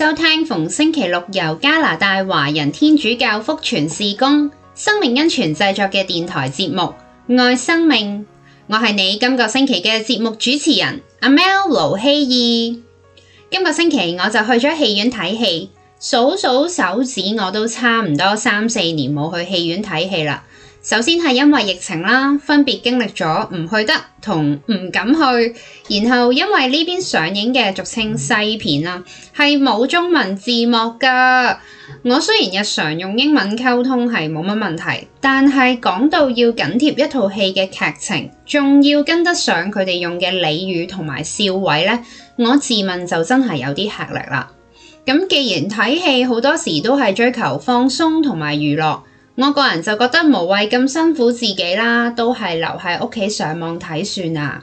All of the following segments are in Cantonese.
收聽逢星期六由加拿大華人天主教福傳事工生命恩泉製作嘅電台節目《愛生命》，我係你今、這個星期嘅節目主持人阿 Mel 盧希義。今、oh 這個星期我就去咗戲院睇戲，數數手指我都差唔多三四年冇去戲院睇戲啦首先係因為疫情啦，分別經歷咗唔去得同唔敢去，然後因為呢邊上映嘅俗稱西片啦，係冇中文字幕㗎。我雖然日常用英文溝通係冇乜問題，但係講到要緊貼一套戲嘅劇情，仲要跟得上佢哋用嘅俚語同埋笑位呢，我自問就真係有啲吃力啦。咁既然睇戲好多時都係追求放鬆同埋娛樂。我個人就覺得無謂咁辛苦自己啦，都係留喺屋企上網睇算啦。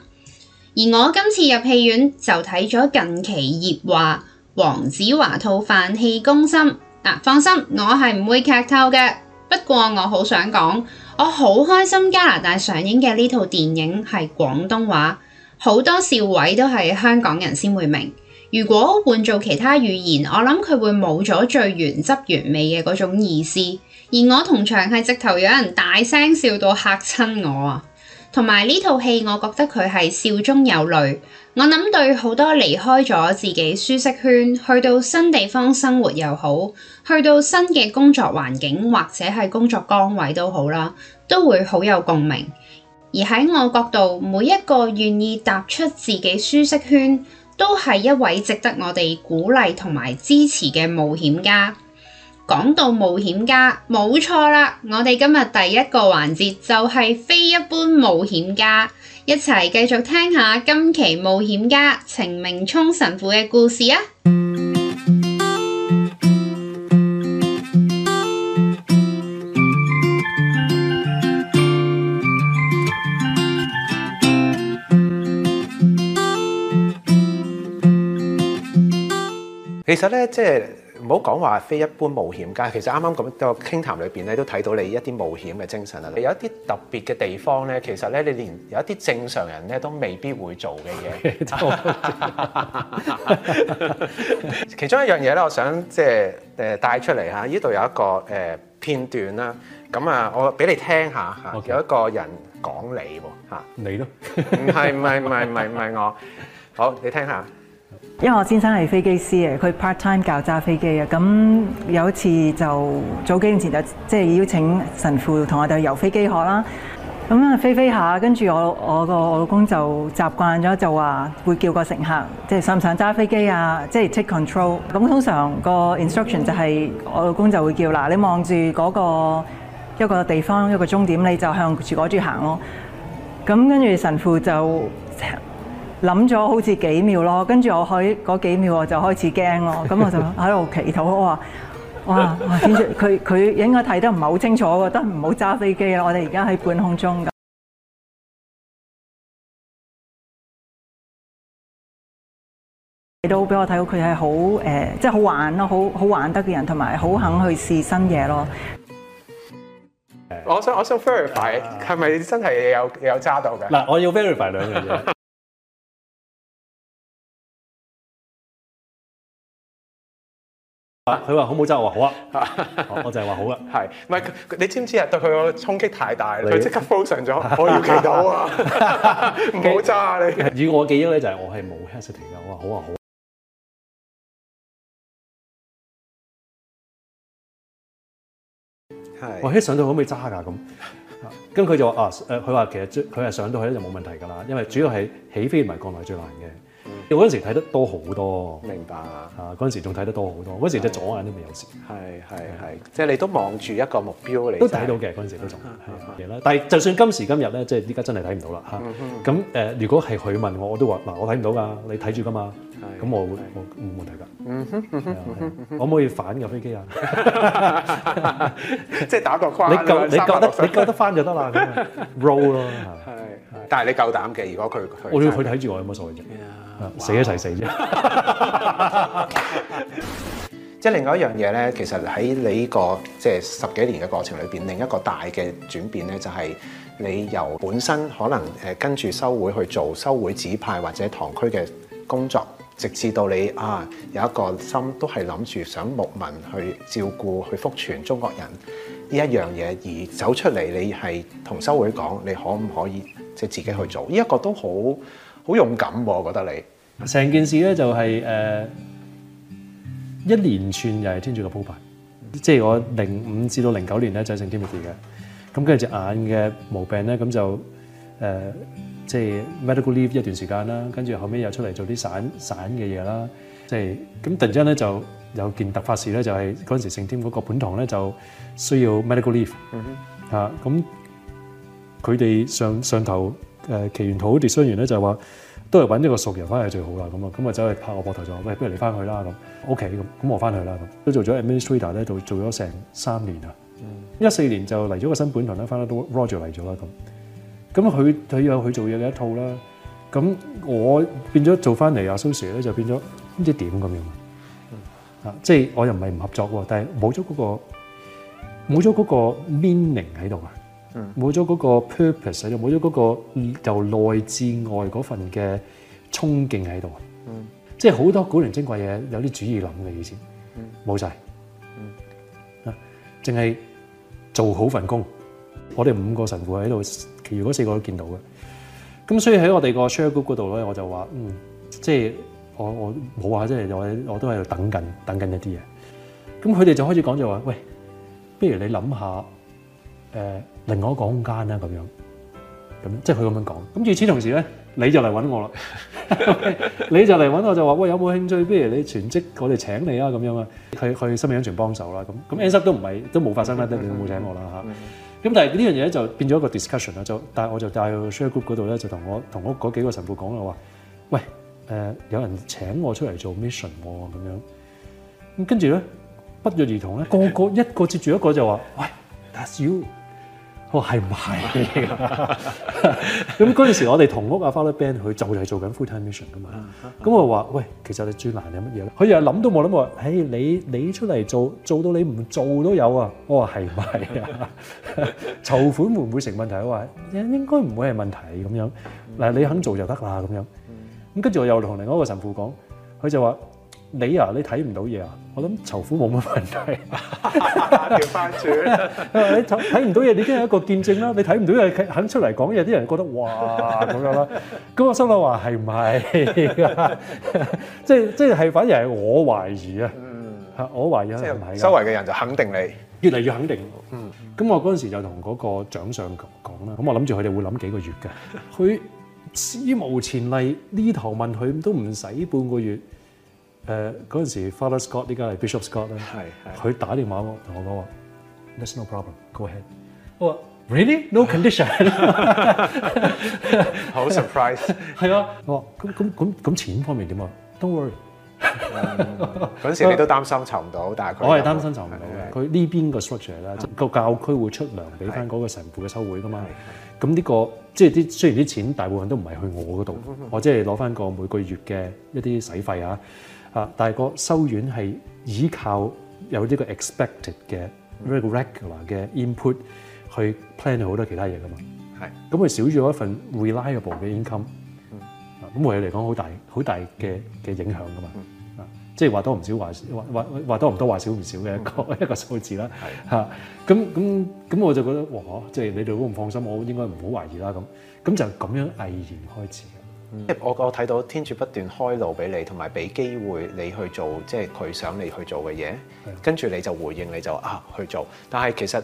而我今次入戲院就睇咗近期熱話《黃子華套飯戲攻心》啊！放心，我係唔會劇透嘅。不過我好想講，我好開心加拿大上映嘅呢套電影係廣東話，好多笑位都係香港人先會明。如果換做其他語言，我諗佢會冇咗最原汁原味嘅嗰種意思。而我同場係直頭有人大聲笑到嚇親我啊，同埋呢套戲，我覺得佢係笑中有淚。我諗對好多離開咗自己舒適圈去到新地方生活又好，去到新嘅工作環境或者係工作崗位都好啦，都會好有共鳴。而喺我角度，每一個願意踏出自己舒適圈，都係一位值得我哋鼓勵同埋支持嘅冒險家。講到冒險家，冇錯啦！我哋今日第一個環節就係非一般冒險家，一齊繼續聽下今期冒險家程明聰神父嘅故事啊！其實呢，即係。唔好講話非一般冒險，但係其實啱啱咁個傾談裏邊咧，都睇到你一啲冒險嘅精神啦。你有一啲特別嘅地方咧，其實咧，你連有一啲正常人咧都未必會做嘅嘢。其中一樣嘢咧，我想即係誒帶出嚟嚇。呢度有一個誒片段啦，咁啊，我俾你聽下。有一個人講你喎嚇，你咯？唔係唔係唔係唔係唔係我。好，你聽下。因為我先生係飛機師嘅，佢 part time 教揸飛機啊。咁有一次就早幾年前就即係、就是、邀請神父同我哋遊飛機河啦。咁樣飛飛下，跟住我我個我老公就習慣咗就話會叫個乘客，即係想唔想揸飛機啊？即係 take control。咁通常個 instruction 就係、是、我老公就會叫嗱，你望住嗰個一個地方一個終點，你就向住嗰邊行咯。咁跟住神父就。諗咗好似幾秒咯，跟住我喺嗰幾秒我就開始驚咯，咁我就喺度祈禱。我話：哇！點知佢佢應該睇得唔係好清楚喎，得唔好揸飛機啦！我哋而家喺半空中㗎。你都俾我睇到佢係好誒，即係好玩咯，好好玩得嘅人，同埋好肯去試新嘢咯。我想我想 verify 係咪真係有有揸到嘅？嗱，我要 verify 兩樣嘢。佢話好唔好揸，我話好啊！ 我就係話好啊，係唔係？你知唔知啊？對佢個衝擊太大啦，佢即你刻 function 咗，我要祈禱啊！唔好揸啊！你以我的記憶咧，就係我係冇 hesitate 嘅，我話好啊，好啊。是我一上到可唔可以揸㗎咁？跟佢 就話啊，誒，佢話其實佢係上到去咧就冇問題㗎啦，因為主要係起飛唔係國內最難嘅。我嗰時睇得多好多，明白啊！嗰陣時仲睇得多好多，嗰時隻左眼都未有事。係係係，即係你都望住一個目標嚟。都睇到嘅嗰陣時都仲係啦。但係就算今時今日咧，即係依家真係睇唔到啦嚇。咁誒，如果係佢問我，我都話嗱，我睇唔到㗎，你睇住㗎嘛。咁我冇問題㗎。我可唔可以反㗎飛機啊？即係打個框。你夠你夠你夠得翻就得啦。Roll 咯，係。但係你夠膽嘅，如果佢佢，睇住我有冇所謂啫？哇哦、死一齊死啫！即係另外一樣嘢咧，其實喺你呢、這個即係、就是、十幾年嘅過程裏邊，另一個大嘅轉變咧，就係、是、你由本身可能誒跟住修會去做修會指派或者堂區嘅工作，直至到你啊有一個心都係諗住想牧民去照顧、去福傳中國人呢一樣嘢，而走出嚟，你係同修會講，你可唔可以即係、就是、自己去做？呢、這、一個都好。好勇敢噃，我覺得你成件事咧就係誒一連串又係天主嘅鋪排，即係我零五至到零九年咧就係聖添嘅，咁跟住隻眼嘅毛病咧，咁就誒即係 medical leave 一段時間啦，跟住後尾又出嚟做啲散散嘅嘢啦，即係咁突然之間咧就有件突發事咧，就係嗰陣時聖添嗰個本堂咧就需要 medical leave 嚇，咁佢哋上上頭。誒奇緣土啲商員咧就話，是，都係揾一個熟人翻去最好啦咁啊，咁啊走去拍我膊頭就話，喂，不如你翻去啦咁，OK，咁咁我翻去啦咁。都做咗 administrator 咧，做做咗成三年啊，一四，嗯、年就嚟咗個新本堂咧，翻到 Roger 嚟咗啦咁。咁佢佢有佢做嘢嘅一套啦，咁我變咗做翻嚟啊 Sousie 咧就變咗唔知點咁樣啊，即、就、係、是、我又唔係唔合作喎，但係冇咗嗰個冇咗嗰個 meaning 喺度啊。冇咗嗰個 purpose，就冇咗嗰個由內至外嗰份嘅衝勁喺度。嗯，即係好多古靈精怪嘢，有啲主意諗嘅以前，冇晒。啊，淨係做好份工。我哋五個神父喺度，其餘四個都見到嘅。咁所以喺我哋個 share group 嗰度咧，我就話，嗯，即係我我冇話即係我我都喺度等緊等緊一啲嘢。咁佢哋就開始講就話，喂，不如你諗下。誒，另外一個空間啦，咁樣，咁即係佢咁樣講。咁，自此同時與此同時咧，你就嚟揾我啦。你就嚟揾我就話：喂，有冇興趣？不如你全職，我哋請你啊，咁樣啊。去去生命安全幫手啦。咁咁，end up 都唔係都冇發生啦。都冇請我啦嚇。咁但係呢樣嘢就變咗一個 discussion 啦。但係我就帶去 share group 嗰度咧，就同我同屋嗰幾個神父講啦，話：喂，誒，有人請我出嚟做 mission 喎，咁樣。咁跟住咧，不約而同咧，個個一個接住一個就話：喂，that's you。我話係唔係？咁嗰陣時我哋同屋阿 Father Ben 佢就係做緊 full time mission 噶嘛。咁 我話喂，其實你最難係乜嘢咧？佢又諗都冇諗過，誒你你出嚟做做到你唔做都有啊。我話係唔係啊？籌 款會唔會成問題啊？話應應該唔會係問題，咁樣。嗱，你肯做就得啦，咁樣。咁跟住我又同另外一個神父講，佢就話。你啊，你睇唔到嘢啊？我諗仇富冇乜問題，你睇唔到嘢，你已經係一個見證啦。你睇唔到嘢肯出嚟講嘢，啲人覺得哇咁樣啦、啊。咁我心諗話係唔係？是不是 即即係反而係我懷疑啊。我懷疑，即係唔係周圍嘅人就肯定你，越嚟越肯定。嗯，咁我嗰陣時就同嗰個掌相講啦。咁我諗住佢哋會諗幾個月㗎。佢史無前例，呢頭問佢都唔使半個月。誒嗰陣時，Father Scott 呢家係 Bishop Scott 咧的，佢打電話喎，同我講話，There's no problem，go ahead 我。我話：Really？No condition。好 surprise。係啊。我話：咁咁咁咁錢方面點啊？Don't worry。嗰陣時你都擔心籌唔到，但係佢我係擔心籌唔到。嘅。佢呢邊個 structure 咧，個教區會出糧俾翻嗰個神父嘅收會噶嘛。咁呢個即係啲雖然啲錢大部分都唔係去我嗰度，我、 啊、即係攞翻個每個月嘅一啲使費啊。啊！但係個修院係依靠有呢個 expected 嘅、嗯、regular 嘅 input 去 plan 好多其他嘢噶嘛？係是，咁佢少咗一份 reliable 嘅 income，啊咁我哋嚟講好大好大嘅嘅、嗯、影響噶嘛？啊即係話多唔少話話話多唔多話少唔少嘅一個、嗯、一個數字啦。係是，吓，咁咁咁我就覺得哇！即、就、係、是、你哋都咁放心，我應該唔好懷疑啦。咁咁就咁樣毅然開始。我我睇到天主不斷開路俾你，同埋俾機會你去做，即係佢想你去做嘅嘢。跟住的你就回應，你就啊去做。但係其實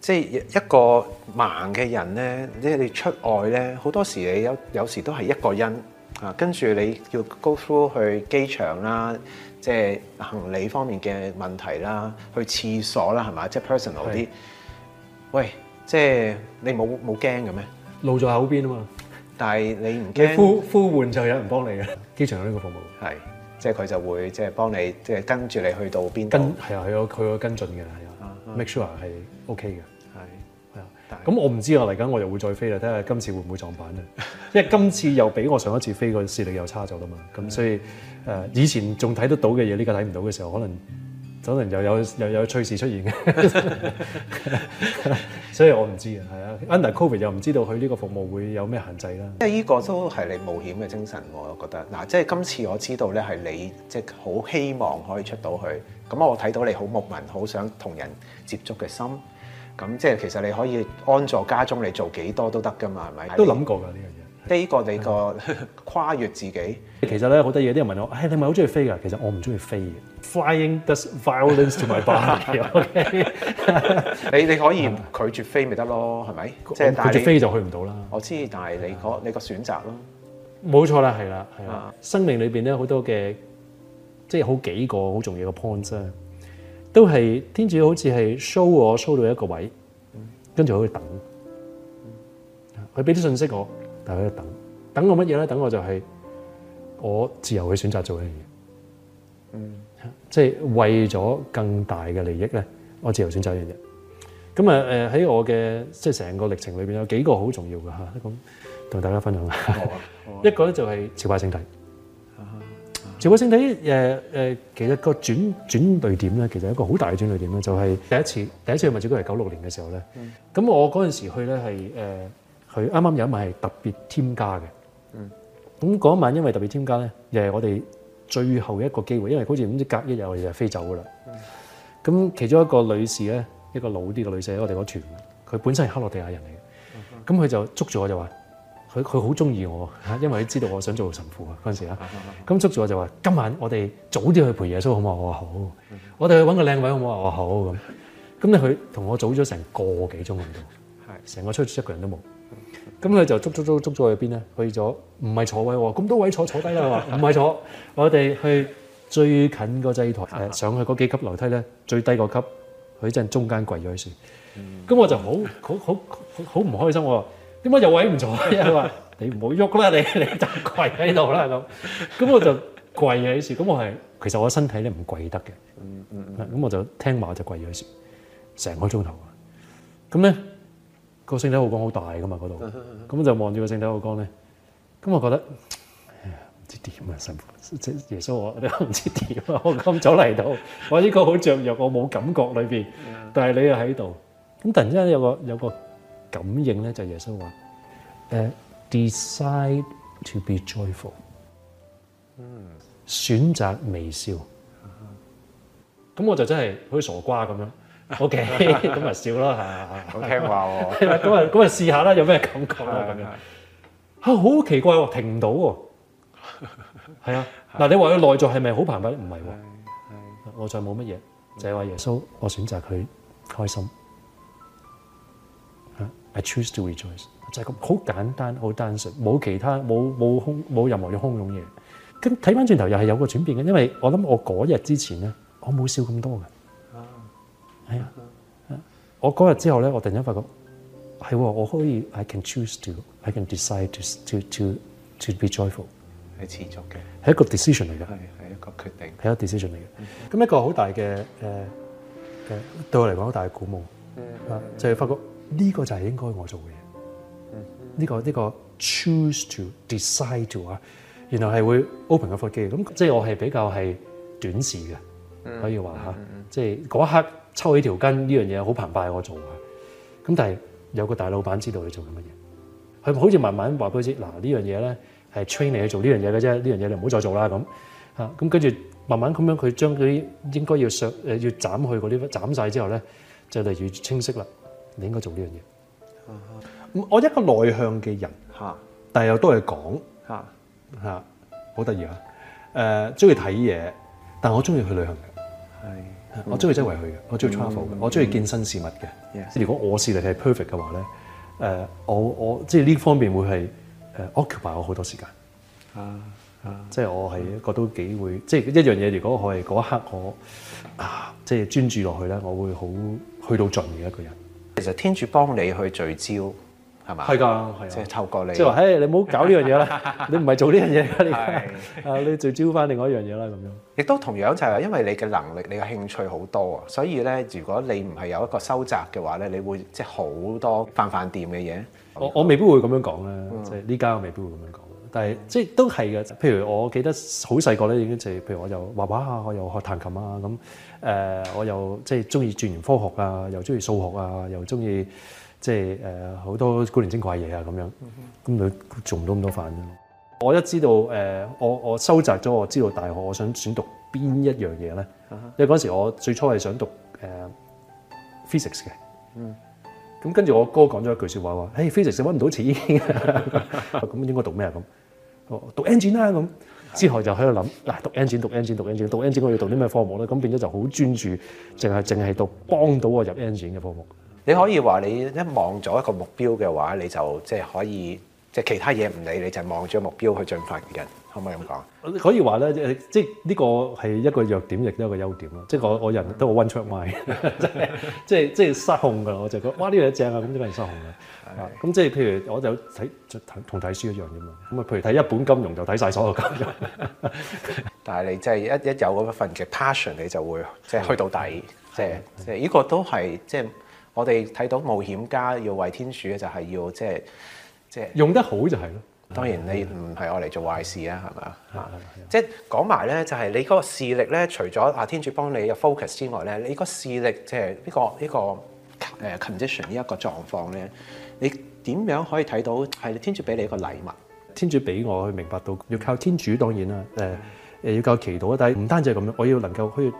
即係一個盲嘅人呢，即你你出外呢，好多時你有有時都係一個人啊。跟住你要 go through 去機場啦，即係行李方面嘅問題啦，去廁所啦，係咪？即係 personal 啲。的喂，即係你冇冇驚嘅咩？路在口邊啊嘛。但係你唔驚呼呼喚就有人幫你嘅，機場有呢個服務，係即係佢就會即係、就是、幫你即係、就是、跟住你去到邊度，跟係啊係啊佢會跟進嘅係啊、uh huh.，make sure 係 OK 嘅係係啊。咁我唔知啊，嚟緊我又會再飛啦，睇下今次會唔會撞板啊。 因為今次又比我上一次飛個視力又差咗啦嘛，咁所以誒、uh huh. 以前仲睇得到嘅嘢，而家睇唔到嘅時候可能。可能又有又有趣事出現嘅，所以我唔知啊，係啊，Under Covid 又唔知道佢呢個服務會有咩限制啦。即係呢個都係你冒險嘅精神，我覺得嗱，即係今次我知道咧係你即係好希望可以出到去，咁我睇到你好牧民，好想同人接觸嘅心，咁即係其實你可以安坐家中，你做幾多少都得噶嘛，係咪？都諗過㗎呢樣嘢。這個呢過你個、這個、跨越自己，其實咧好得意。啲人問我，誒，你咪好中意飛噶？其實我唔中意飛嘅。Flying does violence to my body。 Okay? 你你可以拒絕飛咪得咯，係咪，嗯？即係拒絕飛就去唔到啦。我知，但係你個的你個選擇咯，冇錯啦，係啦，係啦。生命裏面咧好多嘅，即係好幾個好重要嘅 point 啦，都係天主好似係 show 我 show 到一個位，跟住我去等，佢俾啲信息我。大家等，等我乜嘢咧？等我就係我自由去選擇做一樣嘢，嗯，即係為咗更大嘅利益咧，我自由選擇一樣嘢。咁啊誒，喺、呃、我嘅即係成個歷程裏邊，有幾個好重要嘅吓，咁同大家分享下。啊啊、 一個咧就係朝拜聖體，朝拜聖體誒誒，其實個轉轉捩點咧，其實一個好大嘅轉捩點咧，點就係第一次第一次去聖主都係九六年嘅時候咧，咁、嗯、我嗰陣時去咧係誒。佢啱啱有一晚係特別添加嘅，嗯，咁嗰一晚因為特別添加咧，又係我哋最後一個機會，因為好似唔知隔一日我哋就飛走噶啦。咁其中一個女士咧，一個老啲嘅女士喺我哋嗰團，佢本身係克羅地亞人嚟嘅，咁佢就捉住我就話，佢佢好中意我，嚇，因為佢知道我想做神父啊嗰陣時啊，咁捉住我就話，今晚我哋早啲去陪耶穌好唔好？我話好，我哋去揾個靚位好唔好啊？我話好咁，咁咧佢同我早咗成個幾鐘咁多，係，成個車車一個人都冇。咁佢就捉捉捉捉咗去邊咧？去咗唔係坐位喎，咁多位坐坐低啦？唔係坐，我哋去最近個祭台，上去嗰幾級樓梯咧，最低個級，佢陣中間跪咗喺樹。咁我就好好好好唔開心喎，點解有位唔坐？佢話你唔好喐啦，你你就跪喺度啦咁。咁我就跪喺樹，咁我係其實我身體咧唔跪得嘅。咁我就聽話我就跪咗喺樹，成個鐘頭啊。咁咧。個聖體浩光好大噶嘛嗰度，咁就望住個聖體浩光咧，咁我覺得唔知點啊神，即耶穌我都唔知點啊，我咁早嚟到，我依個好雀躍，我冇感覺裏邊，但係你又喺度，咁突然之間有個有個感應咧，就係耶穌話：誒，decide to be joyful，嗯，選擇微笑，咁我就真係好似傻瓜咁樣。OK，咁咪笑咯，好聽話喎。咁啊，咁啊，試下啦，有咩感覺啊咁樣？嚇，好奇怪喎，停唔到喎。係啊，嗱，你話佢內在係咪好澎湃？唔係喎，內在冇乜嘢，就係話耶穌，我選擇佢，開心。嚇，I choose to rejoice，就係咁，好簡單，好單純，冇其他，冇冇空，冇任何嘅洶湧嘢。咁睇翻轉頭又係有個轉變嘅，因為我諗我嗰日之前咧，我冇笑咁多嘅。係啊，我嗰日之後咧，我突然間發覺係、啊、我可以，I can choose to, I can decide to to to to be joyful。係持續嘅，係一個 decision 嚟嘅，係係、啊、一個決定，係一個 decision 嚟嘅。咁一個好大嘅誒嘅對我嚟講好大嘅鼓舞啊！係啊，就係發覺呢、呢個就係應該我做嘅嘢。呢、啊呢個呢、呢個 choose to decide to 啊，然後係會 open 個腹肌。咁即係我係比較係短視嘅，可以話吓，即係嗰一刻。抽起一條筋呢樣嘢好澎湃，我做啊！咁但係有個大老闆知道你做緊乜嘢，佢好似慢慢話畀佢知，嗱，呢樣嘢咧係 train 你去做呢樣嘢嘅啫，呢樣嘢你唔好再做啦咁嚇。咁跟住慢慢咁樣佢將嗰啲應該要削誒要斬去嗰啲斬晒之後咧，就例如清晰啦，你應該做呢樣嘢。我一個內向嘅人嚇，但係又都係講嚇嚇，好得意嚇誒，中意睇嘢，但我中意去旅行嘅。我中意周圍去的，嘅、嗯，我中意 travel 嘅，嗯、我中意健身事物嘅。如果我視力係 perfect 嘅話咧，誒，我我即係呢方面會係誒 occupy 我好多時間。啊啊！即係我係一個都幾會，即係一樣嘢。如果我係嗰一刻我啊，即、就、係、是、專注落去咧，我會好去到盡嘅一個人。其實天主幫你去聚焦。係嘛？係噶，即係透過你，即係話，唉、hey, 你唔好搞呢樣嘢啦，是的你唔係做呢樣嘢啦，你啊，你聚焦翻另外一件事樣嘢啦，咁樣。亦都同樣就係話，因為你嘅能力、你嘅興趣好多啊，所以咧，如果你唔係有一個收窄嘅話咧，你會即係好多泛泛店嘅嘢。我我未必會咁樣講咧，即係呢間我未必會咁樣講，但係、嗯、即係都係嘅。譬如我記得好細個咧，已經就係譬如我就畫畫啊，我又學彈琴啊，咁誒我又即係中意鑽研科學啊，又中意數學啊，又中意。即係誒好多古靈精怪嘢啊，咁樣，咁佢、mm hmm. 做唔到咁多飯啫。我一知道誒、呃，我我收集咗我知道大學，我想選讀邊一樣嘢咧。Uh huh. 因為嗰陣時候我最初係想讀誒、呃、physics 嘅，嗯、mm，咁跟住我哥講咗一句説話話，誒、hey, physics 揾唔到錢，咁 應該讀咩啊？咁我讀 engine 啦咁。 之後就喺度諗，嗱讀 engine，讀 engine，讀 engine，讀 engine，Eng 我要讀啲咩科目咧？咁變咗就好專注，淨係淨係讀幫到我入 engine 嘅科目。你可以話你一望咗一個目標嘅話，你就即係可以即係其他嘢唔理，你就望住目標去進發嘅人，可唔可以咁講？可以話咧，即係呢個係一個弱點，亦都一個優點咯。即係我我人都我 one track mind 即係即係即係失控噶。我就覺得，哇呢樣正啊，咁即係失控啦。咁的即係譬如我就睇同睇書一樣啫嘛。咁啊，譬如睇一本金融就睇晒所有金融。 但係你即係一一有嗰份嘅 passion，你就會即係去到底。的即係的即係呢個都係即係。我哋睇到冒險家要為天主嘅就係要即係即係用得好就係咯。當然你唔係我嚟做壞事啊，係咪啊？嚇的！即係講埋咧，就係你嗰個視力咧，除咗啊天主幫你 focus 之外咧，你嗰視力即係呢個呢、呢個誒 condition 呢一個狀況咧，你點樣可以睇到係天主俾你一個禮物？天主俾我去明白到要靠天主，當然啦。誒、呃、誒要靠祈禱，但係唔單止係咁樣，我要能夠去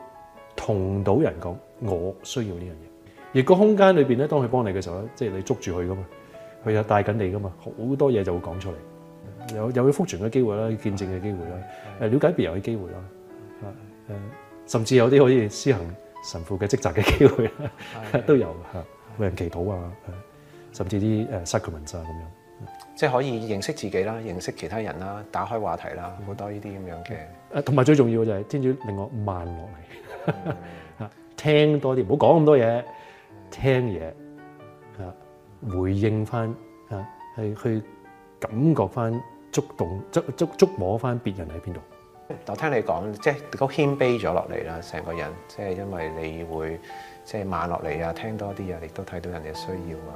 同到人講，我需要呢樣嘢。亦個空間裏邊咧，當佢幫你嘅時候咧，即係你捉住佢噶嘛，佢又帶緊你噶嘛，好多嘢就會講出嚟，有有去福傳嘅機會啦，見證嘅機會啦，誒的了解別人嘅機會啦，誒的甚至有啲可以施行神父嘅職責嘅機會啦，的都有嚇，的為人祈禱啊，的甚至啲誒 sacrament 啊咁樣，即係可以認識自己啦，認識其他人啦，打開話題啦，好的多呢啲咁樣嘅的，誒同埋最重要就係天主令我慢落嚟，嚇 聽多啲，唔好講咁多嘢。聽嘢，嚇回應翻，嚇係去感覺翻、觸動、觸觸觸摸翻別人喺邊度。我聽你講，即係都謙卑咗落嚟啦，成個人即係因為你會即係慢落嚟啊，聽多啲啊，亦都睇到人哋嘅需要啊。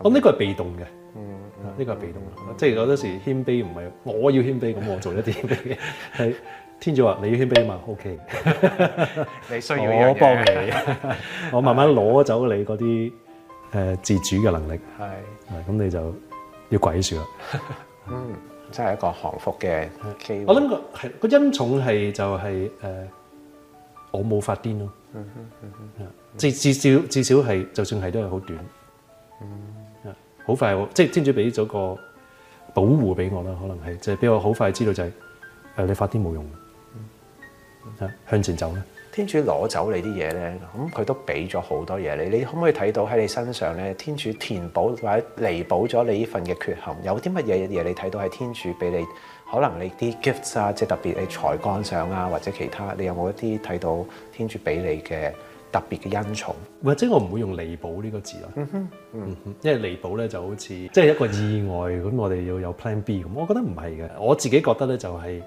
咁呢個係被動嘅，嗯，呢個係被動嘅，即係有多時謙卑唔係我要謙卑，咁我做一啲謙卑嘅係。天主話：你要謙卑嘛？O K，你需要我幫你。 我慢慢攞走你嗰啲誒自主嘅能力，係的，咁你就要跪住啦。 嗯，真係一個降服嘅機我諗個係個恩寵係就係、是、誒，我冇發癲咯、嗯嗯。至至少至少係，就算係都係好短。好、嗯、快即係天主俾咗個保護俾我啦，可能係即係俾我好快知道就係、是、誒你發癲冇用。向前走咧，天主攞走你啲嘢咧，咁佢都俾咗好多嘢你。你可唔可以睇到喺你身上咧，天主填補或者彌補咗你呢份嘅缺陷？有啲乜嘢嘢你睇到係天主俾你？可能你啲 gift 啊，即係特別你才幹上啊，或者其他，你有冇一啲睇到天主俾你嘅特別嘅恩寵？或者我唔會用彌補呢個字啦，嗯哼嗯、因為彌補咧就好似即係一個意外，咁 我哋要有 plan B。咁我覺得唔係嘅，我自己覺得咧就係、是。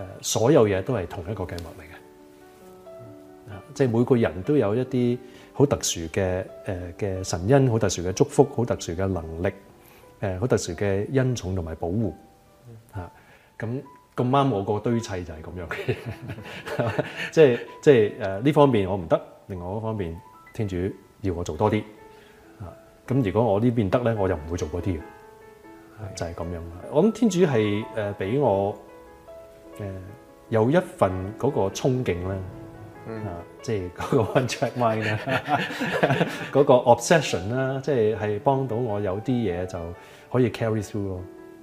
誒，所有嘢都係同一個計劃嚟嘅，即係每個人都有一啲好特殊嘅誒嘅神恩，好特殊嘅祝福，好特殊嘅能力，誒，好特殊嘅恩寵同埋保護，啊，咁咁啱我個堆砌就係咁樣嘅、 就是，即係即係誒呢方面我唔得，另外嗰方面天主要我做多啲，咁如果我呢邊得咧，我就唔會做嗰啲嘅，就係、是、咁樣。我諗天主係誒俾我，Uh, 有一份嗰個憧憬啦，啊，即係嗰個 one track mind 啦， 個 obsession 啦，即係係幫到我有啲嘢就可以 carry through 咯，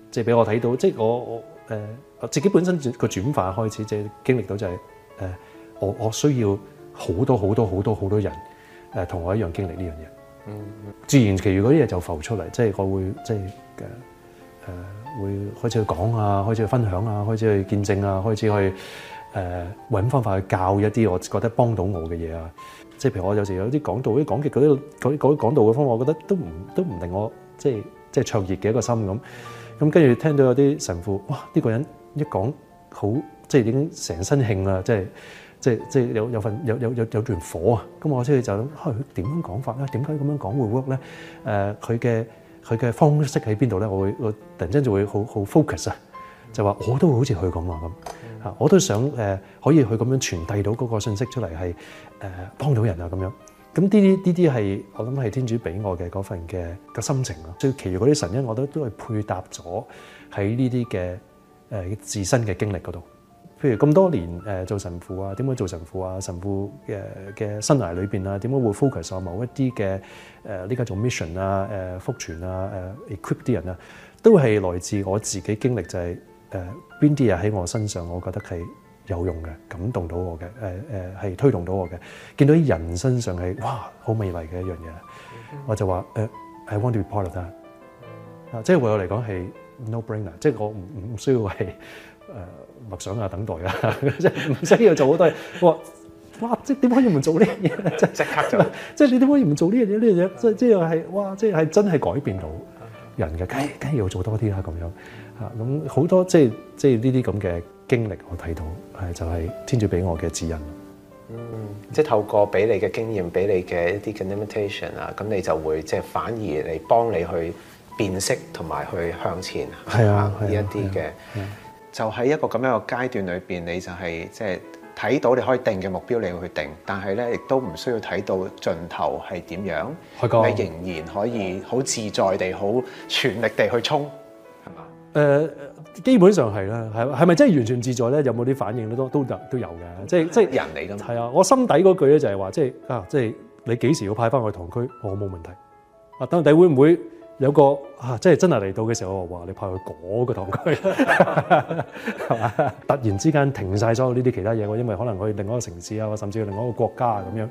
即係俾我睇到，即係我我誒我自己本身個轉化開始，即係經歷到就係誒我我需要好多好多好多好多人誒同我一樣經歷呢樣嘢，mm. 自然其餘啲嘢就浮出嚟，即係我會即係 uh, 會開始去講啊，開始去分享啊，開始去見證啊，開始去誒揾方法去教一啲我覺得幫到我嘅嘢啊。即係譬如我有時有啲講道，啲講極嗰啲嗰啲講道嘅方法，我覺得都唔都唔令我即係即係灼熱嘅一個心咁。咁跟住聽到有啲神父，哇！呢個人一講好，即係已經成身興啦，即係即係即係有有份有有有有段火啊。咁我即係就諗，嚇點樣講法咧？點解咁樣講會 work 咧？誒，佢嘅。佢嘅方式喺邊度咧？我會我突然間就會好好 focus 啊！Ocus, 就話我都會好似佢咁啊咁啊！我都想誒、呃、可以去咁樣傳遞到嗰個信息出嚟，係誒幫到人啊咁樣。咁呢啲呢啲係我諗係天主俾我嘅嗰份嘅個心情咯。所以其餘嗰啲神恩我都都係配搭咗喺呢啲嘅誒自身嘅經歷嗰度。譬如咁多年誒、呃、做神父啊，點解做神父啊？神父嘅嘅生涯裏邊啊，點解會 focus 喺某一啲嘅誒？呢家做 mission 啊、誒福傳啊、誒、呃、equip 啲人啊，都係來自我自己經歷、就是，就係誒邊啲嘢喺我身上，我覺得係有用嘅，感動到我嘅誒誒，係、呃呃、推動到我嘅。見到啲人身上係哇好美麗嘅一樣嘢，嗯、我就話誒 I want to be part of that、嗯、即係為我嚟講係 no brainer，即係我唔唔需要係誒。呃默想啊，等待啊，即係唔需要做好多。我話，哇，即係點可以唔做呢樣嘢咧？即係即刻做，即係你點可以唔做呢樣嘢？呢樣嘢即係即係係哇，即係真係改變到人嘅。梗梗係要做多啲啦，咁樣嚇咁好多即係即係呢啲咁嘅經歷，就是、添給我睇到係就係天主俾我嘅指引。嗯，即係透過俾你嘅經驗，俾你嘅一啲嘅 limitation 啊，咁你就會即係反而嚟幫你去辨識同埋去向前。係啊，呢一啲嘅。就喺一個咁樣一個階段裏邊，你就係即係睇到你可以定嘅目標，你要去定，但係咧亦都唔需要睇到盡頭係點樣。海哥的，你仍然可以好自在地、好全力地去衝，係嘛？誒、呃，基本上係啦，係係咪真係完全自在咧？有冇啲反應都都都有嘅，即係即係人嚟㗎。係啊，我心底嗰句咧就係話，即係啊，即係你幾時要派翻去堂區，我冇問題。啊，到底會唔會？有個啊，即係真係嚟到嘅時候，我話你派去嗰個堂區， 突然之間停晒所有呢啲其他嘢，我因為可能可以去另外一個城市啊，甚至去另外一個國家咁樣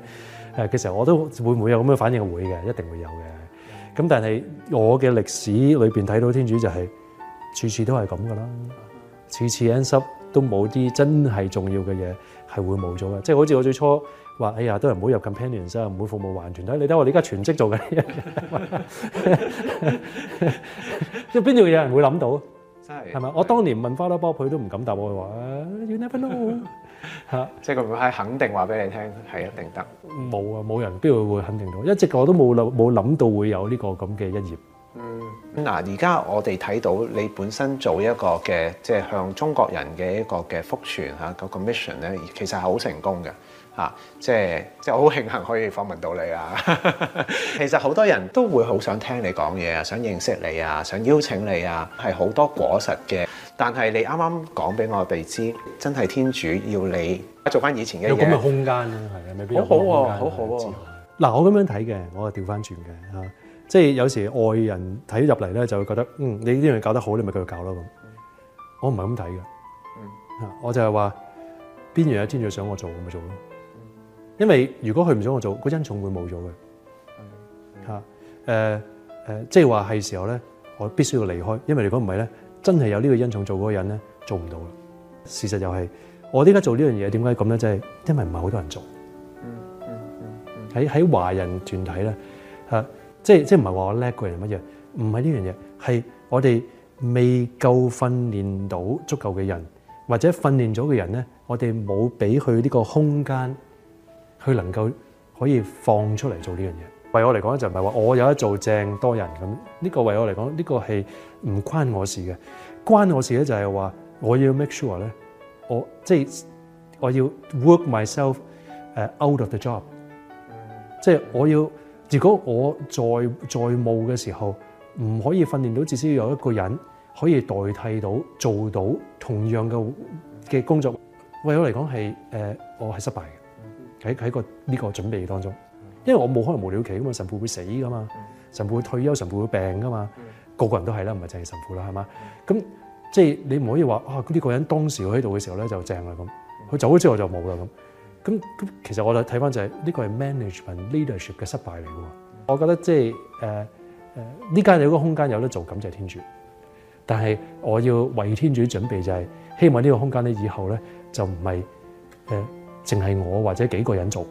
誒嘅時候，啊、我都會唔會有咁嘅反應？會嘅，一定會有嘅。咁但係我嘅歷史裏邊睇到天主就係、是、次次都係咁嘅啦，次次 end up 都冇啲真係重要嘅嘢係會冇咗嘅，即係好似我最初。話哎呀，都係唔好入 companions 啊，唔好服務環全體。你睇我，你而家全職做緊，即邊度有人會諗到？真係係咪？我當年問花多波，佢都唔敢答我，話 you never know 嚇。即佢唔係肯定話俾你聽，係一定得冇啊，冇人邊度會肯定到？一直我都冇諗、冇諗到會有呢個咁嘅一頁。嗯，嗱，而家我哋睇到你本身做一個嘅，即係向中國人嘅一個嘅福傳嚇嗰個 mission 咧，其實係好成功嘅。啊，即係即係，我好慶幸可以訪問到你啊！ 其實好多人都會好想聽你講嘢啊，想認識你啊，想邀請你啊，係好多果實嘅。但係你啱啱講俾我哋知，真係天主要你做翻以前嘅嘢。有咁嘅空間啊，係啊，未必有空間好好喎，啊，好好喎，啊。嗱，我咁樣睇嘅，我係調翻轉嘅啊，即係有時外人睇入嚟咧就會覺得，嗯，你呢樣搞得好，你咪繼續搞咯咁。我唔係咁睇嘅，嗯、我就係話邊樣有天主想我做，我咪做咯。因為如果佢唔想我做，個恩寵會冇咗嘅。吓誒誒，即係話係時候咧，我必須要離開。因為如果唔係咧，真係有呢個恩寵做嗰個人咧，做唔到啦。事實又係我依家做呢樣嘢，點解咁咧？即係因為唔係好多人做，喺喺、嗯嗯嗯嗯、華人團體咧吓、呃，即係即係唔係話我叻過人乜嘢，唔係呢樣嘢，係我哋未夠訓練到足夠嘅人，或者訓練咗嘅人咧，我哋冇俾佢呢個空間。佢能夠可以放出嚟做呢樣嘢，為我嚟講就唔係話我有得做正多人咁，呢、這個為我嚟講呢個係唔關我事嘅，關我事咧就係話我要 make sure 咧，我即係、就是、我要 work myself 誒 out of the job，即係、就是、我要如果我再再冇嘅時候唔可以訓練到至少有一個人可以代替到做到同樣嘅嘅工作，為我嚟講係誒我係失敗嘅。喺喺個呢個準備當中，因為我冇可能無了期嘛，神父會死噶嘛，神父會退休，神父會病噶嘛，個個人都係啦，唔係淨係神父啦，係嘛？咁即係你唔可以話啊呢個人當時喺度嘅時候咧就正啦咁，佢走咗之後就冇啦咁，咁咁其實我哋睇翻就係呢個係 management leadership 嘅失敗嚟嘅，我覺得即係誒誒呢間有個空間有得做，感謝天主，但係我要為天主準備就係希望呢個空間咧以後咧就唔係誒。淨係我或者幾個人做，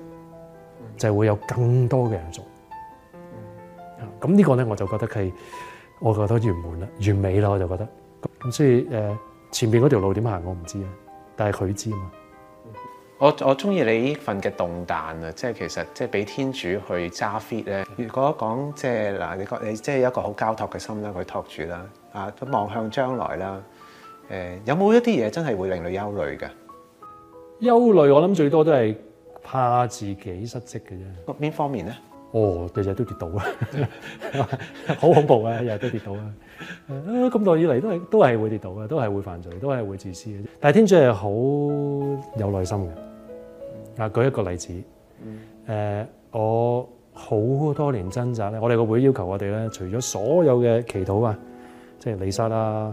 就會有更多嘅人做。咁呢個咧，我就覺得佢，我覺得圓滿啦、完美啦，我就覺得。咁所以誒，前邊嗰條路點行我唔知啊，但係佢知啊嘛。我我中意你呢份嘅動彈啊，即係其實即係俾天主去揸 fit 咧。如果講即係嗱，你講你即係一個好交託嘅心啦，佢托住啦，啊，望向將來啦。誒、呃，有冇一啲嘢真係會令你憂慮嘅？憂慮我諗最多都係怕自己失職嘅啫。邊方面咧？哦，日日都跌倒啊！好 恐怖啊！日日都跌倒啊！咁耐以嚟都係都係會跌倒啊！都係會犯罪，都係會自私嘅。但係天主係好有耐心嘅。啊、嗯，舉一個例子。誒、嗯呃，我好多年掙扎咧。我哋個會要求我哋咧，除咗所有嘅祈禱是沙啊，即係彌撒啦。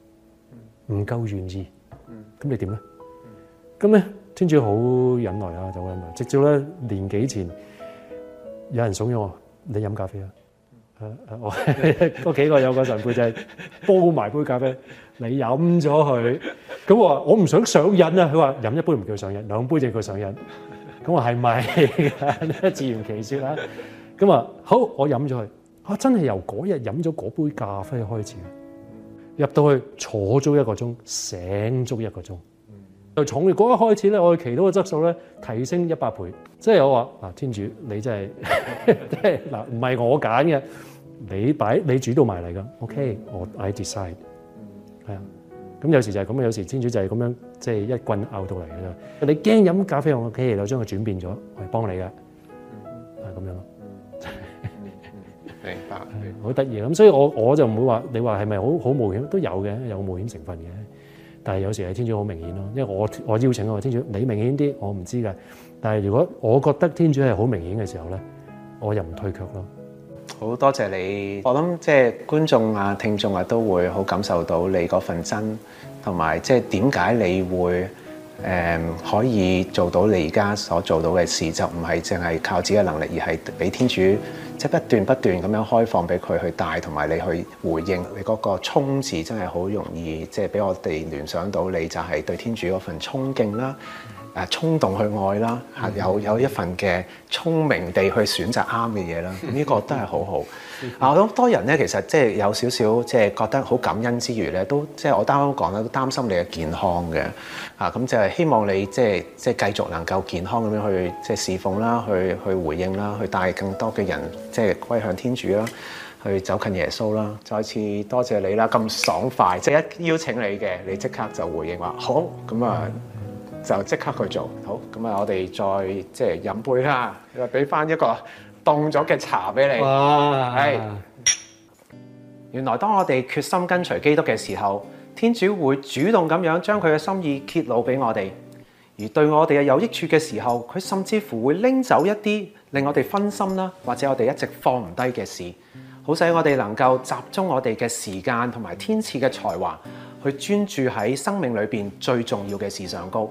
唔夠願意，咁你點咧？咁咧、嗯，天主好忍耐啊，就忍耐。直接咧年幾前，有人慫恿我，你飲咖啡啦。嗯 uh, 我屋企個有個神父仔煲埋杯咖啡，你飲咗佢。咁我話我唔想上癮啊，佢話飲一杯唔叫上癮，兩杯就叫上癮。咁我話係咪？是是 自圓其説啊！咁啊，好，我飲咗佢嚇，真係由嗰日飲咗嗰杯咖啡開始。入到去坐足一個鐘，醒足一個鐘，由從嗰日開始咧，我嘅祈禱嘅質素咧提升一百倍。即係我話啊，天主，你真係即係，嗱，唔係我揀嘅，你擺你主動埋嚟噶。OK，我 I decide 係啊。咁有時就係咁啊，有時天主就係咁樣，即係一棍拗到嚟㗎啦。你驚飲咖啡我企，我將佢轉變咗，我係幫你㗎，係咁樣。明白，好得意咁，所以我我就唔會話你話係咪好好冒險？都有嘅，有冒險成分嘅。但係有時係天主好明顯咯，因為我我邀請我天主，你明顯啲，我唔知㗎。但係如果我覺得天主係好明顯嘅時候咧，我又唔退卻咯。好多謝你，我諗即係觀眾啊、聽眾啊都會好感受到你嗰份真，同埋即係點解你會。.誒、um, 可以做到你而家所做到嘅事，就唔係淨係靠自己嘅能力，而係俾天主即係、就是、不斷不斷咁樣開放俾佢去帶同埋你去回應。你嗰個衝字，真係好容易，即係俾我哋聯想到你就係對天主嗰份衝勁啦，誒、啊、衝動去愛啦，吓、啊、有有一份嘅聰明地去選擇啱嘅嘢啦，呢、啊這個都係好好。嗯、啊！好多人咧，其實即係有少少即係覺得好感恩之餘咧，都即係、就是、我啱啱講啦，都擔心你嘅健康嘅。啊，咁就係希望你即係即係繼續能夠健康咁樣去即係、就是、侍奉啦，去去回應啦，去帶更多嘅人即係、就是、歸向天主啦，去走近耶穌啦。再次多謝你啦，咁爽快，即係、就是、一邀請你嘅，你即刻就回應話好，咁啊就即刻去做好。咁啊，我哋再即係飲杯啦，又俾翻一個。凍咗嘅茶俾你。哇是原來當我哋決心跟隨基督嘅時候，天主會主動咁樣將佢嘅心意揭露俾我哋，而對我哋有益處嘅時候，佢甚至乎會拎走一啲令我哋分心啦，或者我哋一直放唔低嘅事，好使我哋能夠集中我哋嘅時間同埋天賜嘅才華，去專注喺生命裏邊最重要嘅事上高。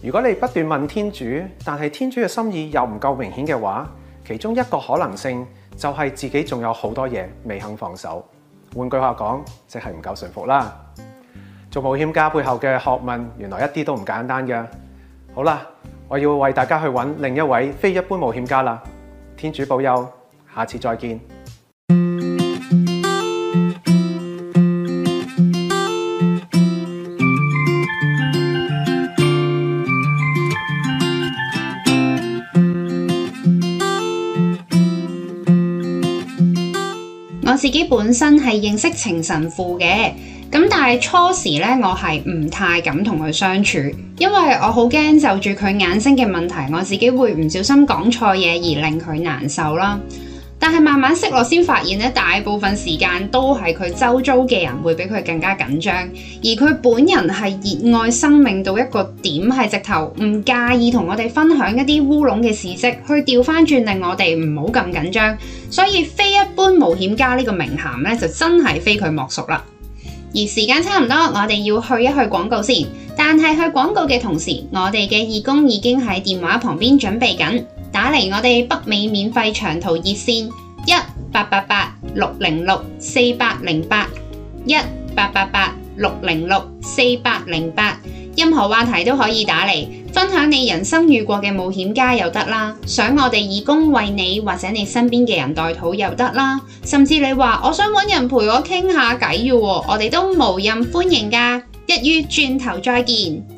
如果你不斷問天主，但係天主嘅心意又唔夠明顯嘅話，其中一個可能性就係自己仲有好多嘢未肯放手。換句話講，即係唔夠順服啦。做冒險家背後嘅學問，原來一啲都唔簡單嘅。好啦，我要為大家去揾另一位非一般冒險家啦。天主保佑，下次再見。我自己本身係認識情神父嘅，咁但係初時咧，我係唔太敢同佢相處，因為我好驚就住佢眼睛嘅問題，我自己會唔小心講錯嘢而令佢難受啦。但係慢慢識落，先發現咧，大部分時間都係佢周遭嘅人會比佢更加緊張，而佢本人係熱愛生命到一個點，係直頭唔介意同我哋分享一啲烏龍嘅事跡，去調翻轉令我哋唔好咁緊張。所以非一般冒險家呢個名銜咧，就真係非佢莫屬啦。而時間差唔多，我哋要去一去廣告先。但係去廣告嘅同時，我哋嘅義工已經喺電話旁邊準備緊。打嚟我哋北美免費長途熱線一八八八六零六四八零八一八八八六零六四八零八，8, 8, 任何話題都可以打嚟，分享你人生遇過嘅冒險家又得啦，想我哋義工為你或者你身邊嘅人代禱又得啦，甚至你話我想搵人陪我傾下偈喎，我哋都無任歡迎㗎。一於轉頭再見。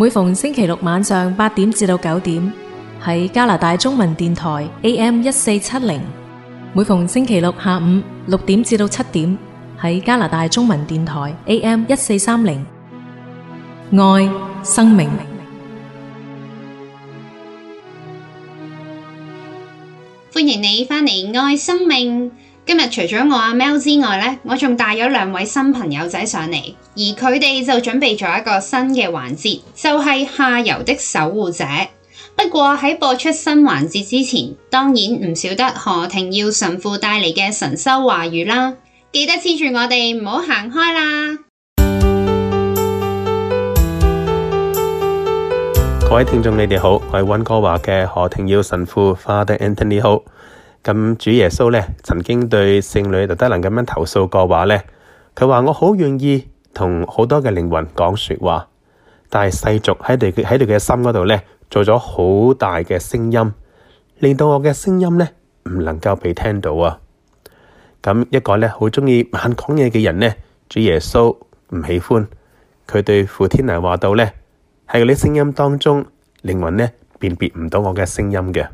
每逢星期六晚上八點至到九點，喺加拿大中文電台 AM 一四七零；每逢星期六下午六點至到七點，喺加拿大中文電台 AM 一四三零。愛生命，歡迎你返嚟！愛生命。今日除咗我阿、啊、Mel 之外呢，我仲帶咗兩位新朋友仔上嚟，而佢哋就準備咗一個新嘅環節，就係、是、下游的守護者。不過喺播出新環節之前，當然唔少得何庭耀神父帶嚟嘅神修話語啦。記得黐住我哋，唔好行開啦！各位聽眾你哋好，我係溫哥華嘅何庭耀神父，Father Anthony 好。咁主耶穌咧，曾經對聖女特德蘭咁樣投訴過話咧，佢話我好願意同好多嘅靈魂講說話，但係世俗喺度喺度嘅心嗰度咧，做咗好大嘅聲音，令到我嘅聲音咧唔能夠被聽到啊。咁一個咧好鍾意猛講嘢嘅人咧，主耶穌唔喜歡佢對傅天能話到咧，喺嗰啲聲音當中，靈魂咧辨別唔到我嘅聲音嘅。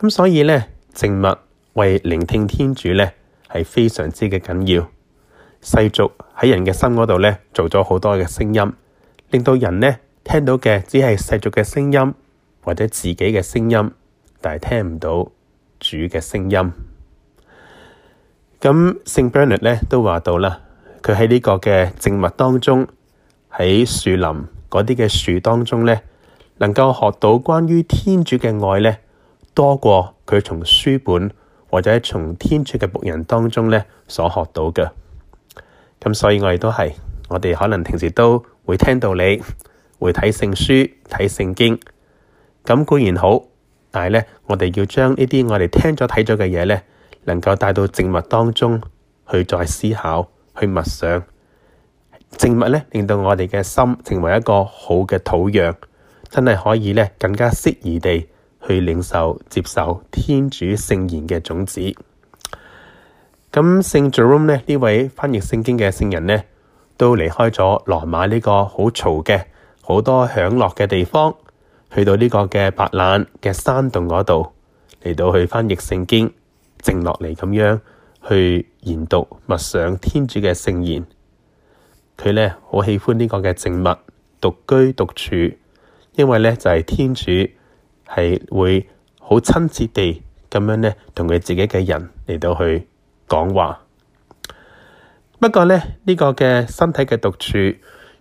咁所以咧。靜默為聆聽天主呢係非常之嘅緊要。世俗喺人嘅心嗰度呢，做咗好多嘅聲音，令到人呢聽到嘅只係世俗嘅聲音或者自己嘅聲音，但係聽唔到主嘅聲音。咁聖 bernard 呢都話到啦，佢喺呢個嘅靜默當中，喺樹林嗰啲嘅樹當中呢，能夠學到關於天主嘅愛呢，多過佢從書本或者喺從天主嘅僕人當中咧，所學到嘅。咁所以我哋都係，我哋可能平時都會聽道理，會睇聖書、睇聖經，咁固然好，但係咧我哋要將呢啲我哋聽咗睇咗嘅嘢咧，能夠帶到靜物當中去再思考、去默想，靜物咧令到我哋嘅心成為一個好嘅土壤，真係可以咧更加適宜地去領受接受天主聖言嘅種子。咁聖 Jerome 咧，呢位翻譯聖經嘅聖人呢，都離開咗羅馬呢個好嘈嘅好多享樂嘅地方，去到呢個嘅白蘭嘅山洞嗰度嚟到去翻譯聖經，靜落嚟咁樣去研讀默想天主嘅聖言。佢呢好喜歡呢個嘅靜物獨居獨處，因為呢就係、是、天主。係會好親切地咁樣呢，同佢自己嘅人嚟到去講話。不過呢，呢個嘅身體嘅獨處，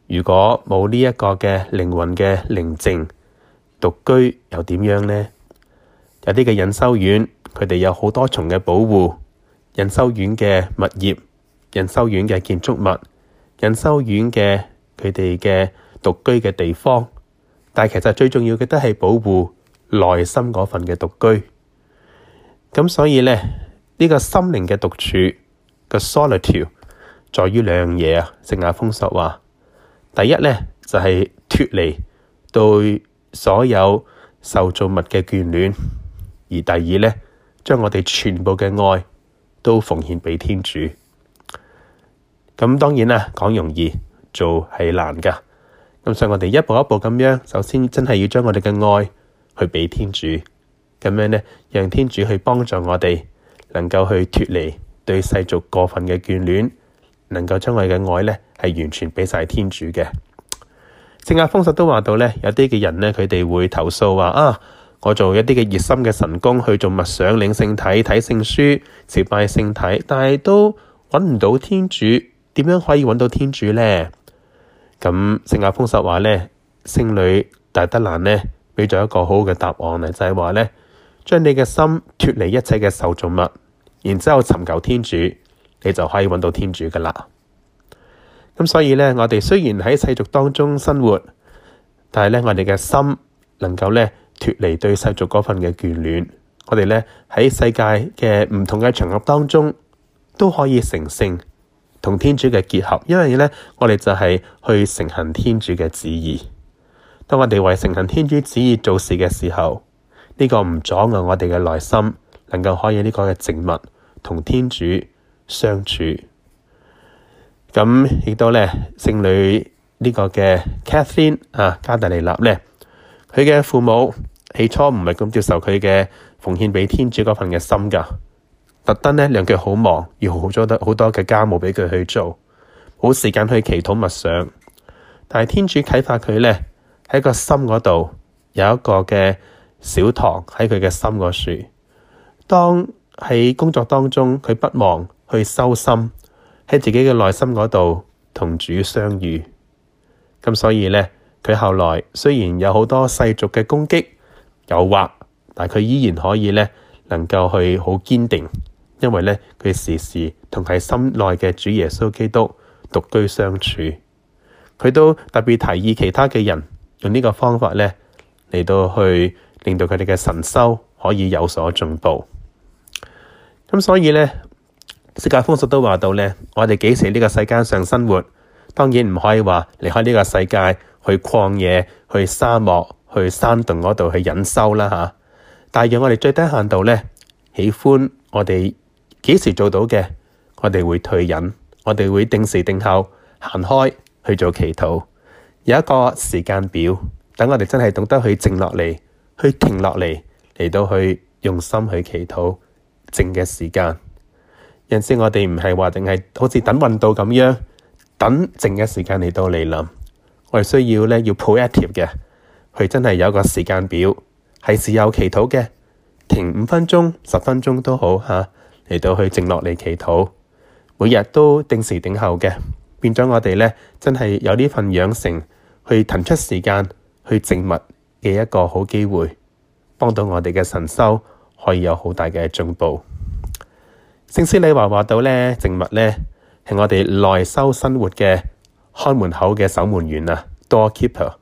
如果冇呢一個嘅靈魂嘅寧靜獨居，又點樣呢？有啲嘅隱修院，佢哋有好多重嘅保護隱修院嘅物業、隱修院嘅建築物、隱修院嘅佢哋嘅獨居嘅地方。但其實最重要嘅都係保護內心嗰份嘅獨居，咁所以呢，呢個心靈嘅獨處嘅 solitude，在於兩樣嘢啊。聖亞風索話，第一呢，就係脫離對所有受造物嘅眷戀，而第二呢，將我哋全部嘅愛都奉獻畀天主。咁當然啦，講容易做係難噶。咁所以我哋一步一步咁樣，首先真係要將我哋嘅愛。去畀天主咁樣呢，讓天主去幫助我哋，能夠去脫離對世俗過分嘅眷戀，能夠將我嘅愛呢係完全畀晒天主嘅。聖亞封實都話到呢，有啲嘅人呢，佢哋會投訴話啊，我做一啲嘅熱心嘅神功，去做默想、領聖體、睇聖書，接拜聖體，但係都搵唔到天主，點樣可以搵到天主呢？咁聖亞封實話呢，聖女大德蘭呢。俾咗一個好好嘅答案，就係話呢，將你嘅心脫離一切嘅受造物，然之後尋求天主，你就可以揾到天主噶啦。咁所以呢，我哋雖然喺世俗當中生活，但係呢，我哋嘅心能夠呢，脫離對世俗嗰份嘅眷戀，我哋呢，喺世界嘅唔同嘅場合當中都可以成聖，同天主嘅結合，因為呢，我哋就係去成行天主嘅旨意。當我哋為承行天主旨意做事嘅時候，呢個唔阻礙我哋嘅內心能夠可以呢個嘅靜默同天主相處。咁亦都咧，聖女呢個嘅 Catherine 啊，加特利納咧，佢嘅父母起初唔係咁接受佢嘅奉獻畀天主嗰份嘅心噶，特登呢兩腳好忙，要好好多好多嘅家務畀佢去做，冇時間去祈禱默想。但係天主啟發佢咧。喺個心嗰度有一個嘅小堂喺佢嘅心嗰處。當喺工作當中，佢不忘去修心喺自己嘅內心嗰度同主相遇。咁所以咧，佢後來雖然有好多世俗嘅攻擊、誘惑，但佢依然可以咧能夠去好堅定，因為咧佢時時同喺心內嘅主耶穌基督獨居相處。佢都特別提議其他嘅人。用呢個方法咧，嚟到去令到佢哋嘅神修可以有所進步，咁所以咧釋迦牟尼都話到咧，我哋幾時呢個世間上生活，當然唔可以話離開呢個世界，去曠野、去沙漠、去山洞嗰度去隱修啦吓，但係若我哋最低限度咧，喜歡我哋幾時做到嘅，我哋會退隱，我哋會定時定候行開去做祈禱。有一個時間表，等我哋真係懂得去靜落嚟，去停落嚟，嚟到去用心去祈禱靜嘅時間。有陣時我哋唔係話淨係好似等運到咁樣，等靜嘅時間嚟到嚟臨。我哋需要咧要 proactive 嘅，去真係有一個時間表，係只有祈禱嘅，停五分鐘、十分鐘都好吓，啊，嚟到去靜落嚟祈禱，每日都定時定候嘅。變咗我哋咧，真係有呢份養成去騰出時間去靜物嘅一個好機會，幫到我哋嘅神修可以有好大嘅進步。聖師你話話到咧，靜物咧係我哋內修生活嘅看門口嘅守門員啊，doorkeeper。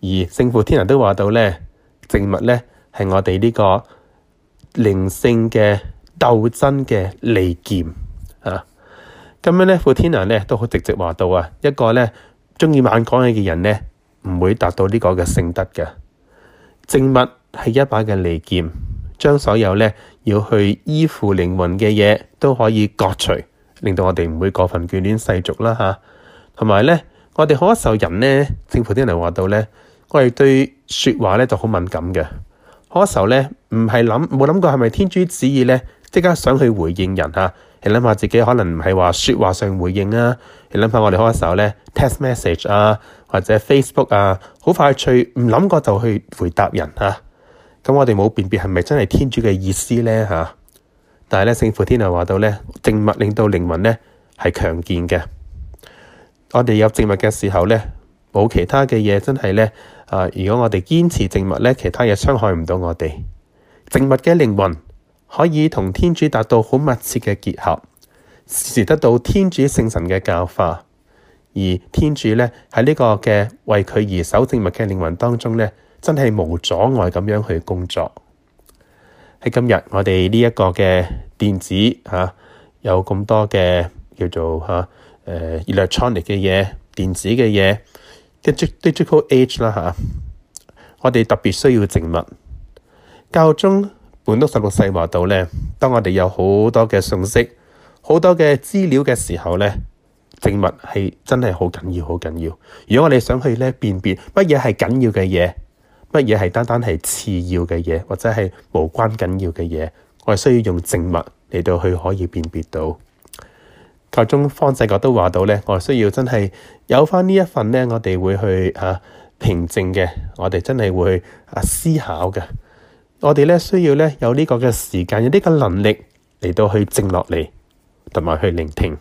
而聖父天人都話到咧，靜物咧係我哋呢個靈性嘅鬥爭嘅利劍啊。咁樣咧，傅天良咧都好直接話到啊，一個咧中意猛講嘢嘅人咧，唔會達到呢個嘅聖德嘅。靜物係一把嘅利劍，將所有咧要去依附靈魂嘅嘢都可以割除，令到我哋唔會過分眷戀世俗啦吓，同埋咧，我哋可受人咧，正如傅天良話到咧，我哋對説話咧就好敏感嘅。可受咧唔係諗冇諗過係咪天主旨意咧，即刻想去回應人嚇。你諗下自己可能唔係話說話上回應啊，你諗下我哋開一首咧，text message 啊或者 Facebook 啊，好快脆唔諗過就去回答人吓、啊，咁我哋冇辨別係咪真係天主嘅意思咧吓，但係咧聖父天就話到咧，靜默令到靈魂咧係強健嘅，我哋有靜默嘅時候咧，冇其他嘅嘢真係咧啊，如果我哋堅持靜默咧，其他嘢傷害唔到我哋，靜默嘅靈魂。可以同天主達到好密切嘅結合，時時得到天主聖神嘅教化，而天主呢，喺呢個嘅為佢而守靜物嘅靈魂當中呢，真係無阻礙咁樣去工作。喺今日我哋呢一個嘅電子吓，有咁多嘅叫做吓誒、呃、，electronic 嘅嘢，電子嘅嘢、嘅 Digital Age 啦吓，我哋特別需要靜物，教中。本督十六世話到咧，當我哋有好多嘅信息、好多嘅資料嘅時候咧，證物係真係好緊要、好緊要。如果我哋想去咧辨別乜嘢係緊要嘅嘢，乜嘢係單單係次要嘅嘢，或者係無關緊要嘅嘢，我哋需要用證物嚟到去可以辨別到。教中方仔覺都話到咧，我哋需要真係有翻呢一份咧，我哋會去嚇、啊、平靜嘅，我哋真係會去啊思考嘅。我哋咧需要咧有呢個嘅時間，有呢個能力嚟到去靜落嚟，同埋去聆聽。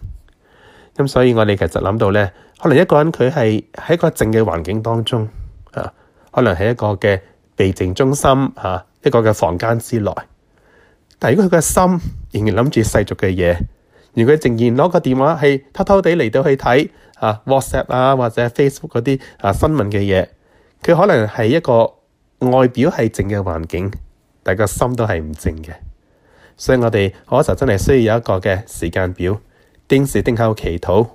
咁、嗯、所以我哋其實諗到咧，可能一個人佢係喺一個靜嘅環境當中啊，可能喺一個嘅避靜中心、啊、一個嘅房間之內。但係如果佢嘅心仍然諗住世俗嘅嘢，如果佢仍然攞個電話係偷偷地嚟到去睇啊 WhatsApp 啊或者 Facebook 嗰啲啊新聞嘅嘢，佢可能係一個外表係靜嘅環境。大家心都係唔靜嘅，所以我哋好多時候真係需要有一個嘅時間表，定時定後祈禱。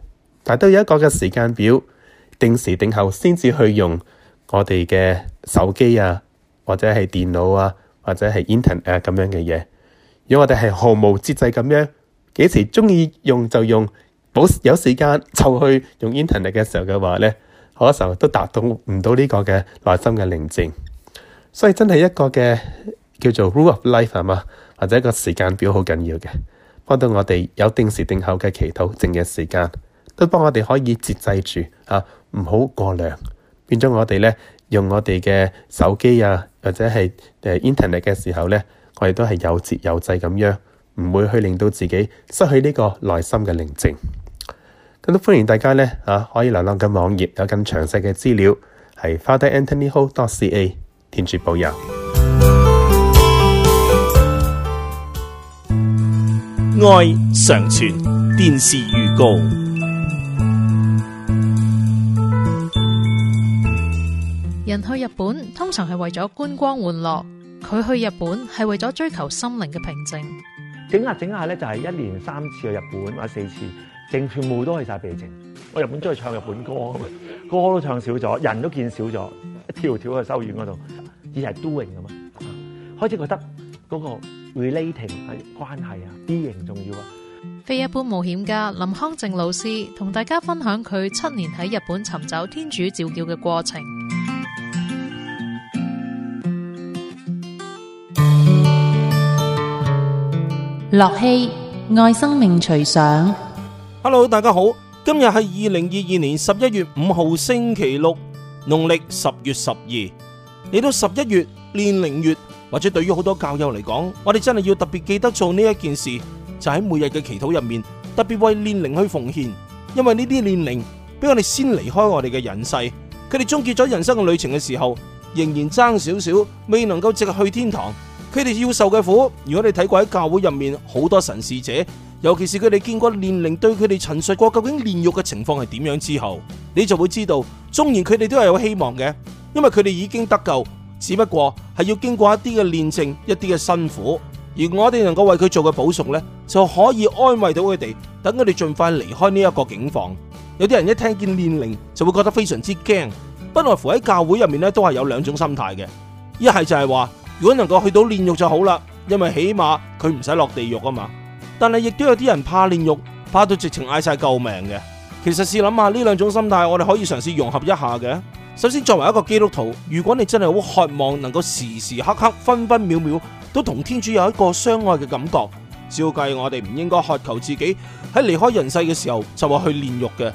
但都有一個嘅時間表，定時定後先至去用我哋嘅手機啊，或者係電腦啊，或者係 internet 咁樣嘅嘢。如果我哋係毫無節制咁樣幾時鍾意用就用，冇有時間就去用 internet 嘅時候嘅話咧，好多時候都達到唔到呢個嘅內心嘅寧靜。所以真係一個嘅。叫做 Rule of Life 啊嘛，或者一個時間表好緊要嘅，幫到我哋有定時定候嘅祈禱靜嘅時間，都幫我哋可以節制住嚇，啊、唔好過量，變咗我哋咧用我哋嘅手機啊，或者係誒 Internet 嘅時候咧，我哋都係有節有制咁樣，唔會去令到自己失去呢個內心嘅寧靜。咁都歡迎大家咧嚇、啊，可以瀏覽緊網頁，有更詳細嘅資料係 fatheranthonyho.ca，天主保佑。愛常傳電視預告。人去日本通常係為咗觀光玩樂，佢去日本係為咗追求心靈嘅平靜。整下整下咧，就係一年三次去日本，或者四次，淨全部都去晒避靜。嗯、我日本中意唱日本歌啊嘛，歌都唱少咗，人都見少咗，一條條去修院嗰度，以前係 doing 噶嘛，開始覺得嗰、那個。Relating 係關係啊，B 型重要啊。非一般冒險家林康正老師同大家分享佢七年喺日本尋找天主召叫嘅過程。樂器，愛生命隨想。Hello，大家好，今日係二零二二年十一月五號星期六，農曆十月十二。嚟到十一月，煉靈月。或者對於好多教友嚟講，我哋真係要特別記得做呢一件事，就喺每日嘅祈禱入面，特別為煉靈去奉獻，因為呢啲煉靈俾我哋先離開我哋嘅人世，佢哋終結咗人生嘅旅程嘅時候，仍然爭少少，未能夠直去天堂，佢哋要受嘅苦。如果你睇過喺教會入面好多神事者，尤其是佢哋見過煉靈對佢哋陳述過究竟煉獄嘅情況係點樣之後，你就會知道，縱然佢哋都係有希望嘅，因為佢哋已經得救。只不過係要經過一啲嘅練證，一啲嘅辛苦，而我哋能夠為佢做嘅補贖呢，就可以安慰到佢哋，等佢哋盡快離開呢一個境況。有啲人一聽見煉靈就會覺得非常之驚，不外乎喺教會入面呢，都係有兩種心態嘅，一係就係話如果能夠去到煉獄就好啦，因為起碼佢唔使落地獄啊嘛。但係亦都有啲人怕煉獄，怕到直情嗌晒救命嘅。其實試諗下呢兩種心態，我哋可以嘗試融合一下嘅。首先，作為一個基督徒，如果你真係好渴望能夠時時刻刻、分分秒秒都同天主有一個相愛嘅感覺，照計我哋唔應該渴求自己喺離開人世嘅時候就話去煉獄嘅。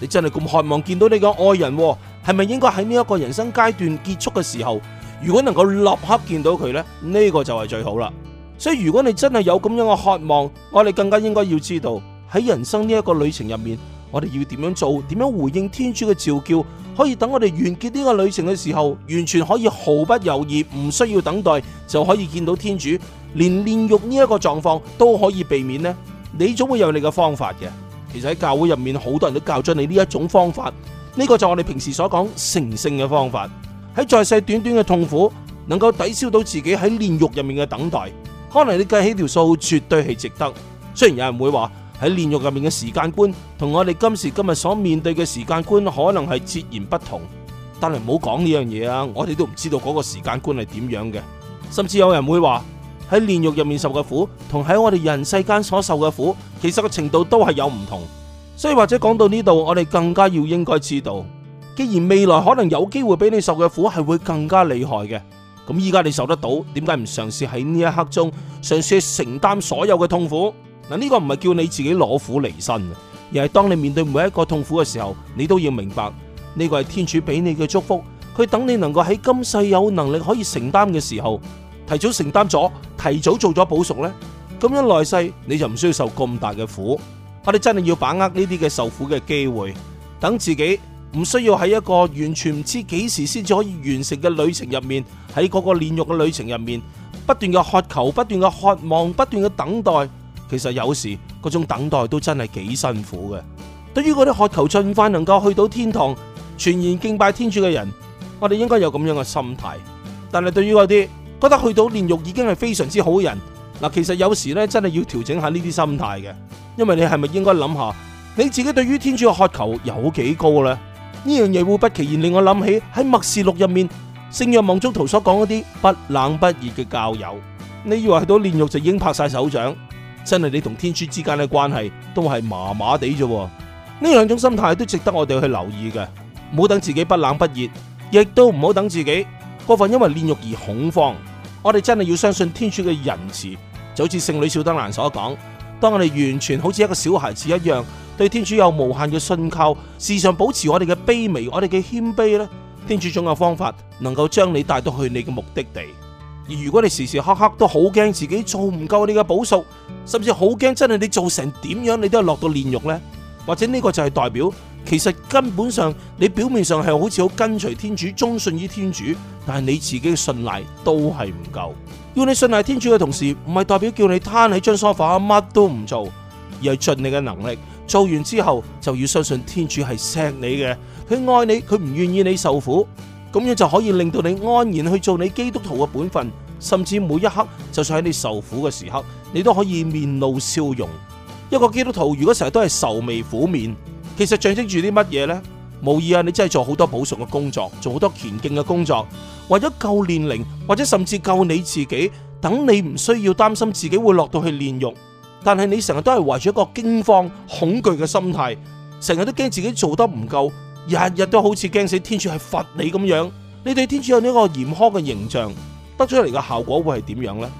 你真係咁渴望見到你個愛人，係咪應該喺呢一個人生階段結束嘅時候，如果能夠立刻見到佢呢，呢個就係最好啦。所以如果你真係有咁樣嘅渴望，我哋更加應該要知道喺人生呢一個旅程入面。我哋要點樣做？點樣回應天主嘅召叫？可以等我哋完結呢個旅程嘅時候，完全可以毫不猶豫，唔需要等待就可以見到天主，連煉獄呢一個狀況都可以避免呢？你總會有你嘅方法嘅。其實喺教會入面，好多人都教咗你呢一種方法。呢、呢個就係我哋平時所講的成聖嘅方法。喺在，在世短短嘅痛苦，能夠抵消到自己喺煉獄入面嘅等待，可能你計起條數，絕對係值得。雖然有人會話。喺煉獄入面嘅時間觀，同我哋今時今日所面對嘅時間觀可能係截然不同。但係唔好講呢樣嘢啊！我哋都唔知道嗰個時間觀係點樣嘅。甚至有人會話喺煉獄入面受嘅苦，同喺我哋人世間所受嘅苦，其實個程度都係有唔同。所以或者講到呢度，我哋更加要應該知道，既然未來可能有機會俾你受嘅苦係會更加厲害嘅，咁依家你受得到，點解唔嘗試喺呢一刻中嘗試去承擔所有嘅痛苦？嗱，呢個唔係叫你自己攞苦離身，而係當你面對每一個痛苦嘅時候，你都要明白呢個係天主俾你嘅祝福。佢等你能夠喺今世有能力可以承擔嘅時候，提早承擔咗，提早做咗補贖咧，咁樣來世你就唔需要受咁大嘅苦。我哋真係要把握呢啲嘅受苦嘅機會，等自己唔需要喺一個完全唔知幾時先至可以完成嘅旅程入面，喺嗰個煉獄嘅旅程入面，不斷嘅渴求，不斷嘅渴望，不斷嘅等待。其實有時嗰種等待都真係幾辛苦嘅。對於嗰啲渴求盡快能夠去到天堂、全然敬拜天主嘅人，我哋應該有咁樣嘅心態。但係對於嗰啲覺得去到煉獄已經係非常之好人嗱，其實有時咧真係要調整下呢啲心態嘅，因為你係咪應該諗下你自己對於天主嘅渴求有幾高呢？呢樣嘢會不其然令我諗起喺《默示錄》入面聖若望宗徒所講嗰啲不冷不熱嘅教友，你以為去到煉獄就已經拍晒手掌？真係你同天主之間嘅關係都係麻麻地啫，呢兩種心態都值得我哋去留意嘅。唔好等自己不冷不熱，亦都唔好等自己過分因為煉獄而恐慌。我哋真係要相信天主嘅仁慈，就好似聖女小德蘭所講：當我哋完全好似一個小孩子一樣，對天主有無限嘅信靠，時常保持我哋嘅卑微、我哋嘅謙卑呢，天主總有方法能夠將你帶到去你嘅目的地。而如果你時時刻刻都好驚自己做唔夠你嘅補贖，甚至好驚真係你做成點樣你都係落到煉獄呢，或者呢個就係代表，其實根本上你表面上係好似好跟隨天主、忠信於天主，但係你自己嘅信賴都係唔夠。要你信賴天主嘅同時，唔係代表叫你攤喺張梳化乜都唔做，而係盡你嘅能力，做完之後就要相信天主係錫你嘅，佢愛你，佢唔願意你受苦。咁樣就可以令到你安然去做你基督徒嘅本分，甚至每一刻，就算喺你受苦嘅時刻，你都可以面露笑容。一個基督徒如果成日都係愁眉苦面，其實象徵住啲乜嘢呢？無疑啊，你真係做好多補贖嘅工作，做好多虔敬嘅工作，為咗救煉靈，或者甚至救你自己，等你唔需要擔心自己會落到去煉獄。但係你成日都係懷住一個驚慌恐懼嘅心態，成日都驚自己做得唔夠。日日都好似驚死天主係罰你咁樣，你對天主有呢個嚴苛嘅形象，得出嚟嘅效果會係點樣呢？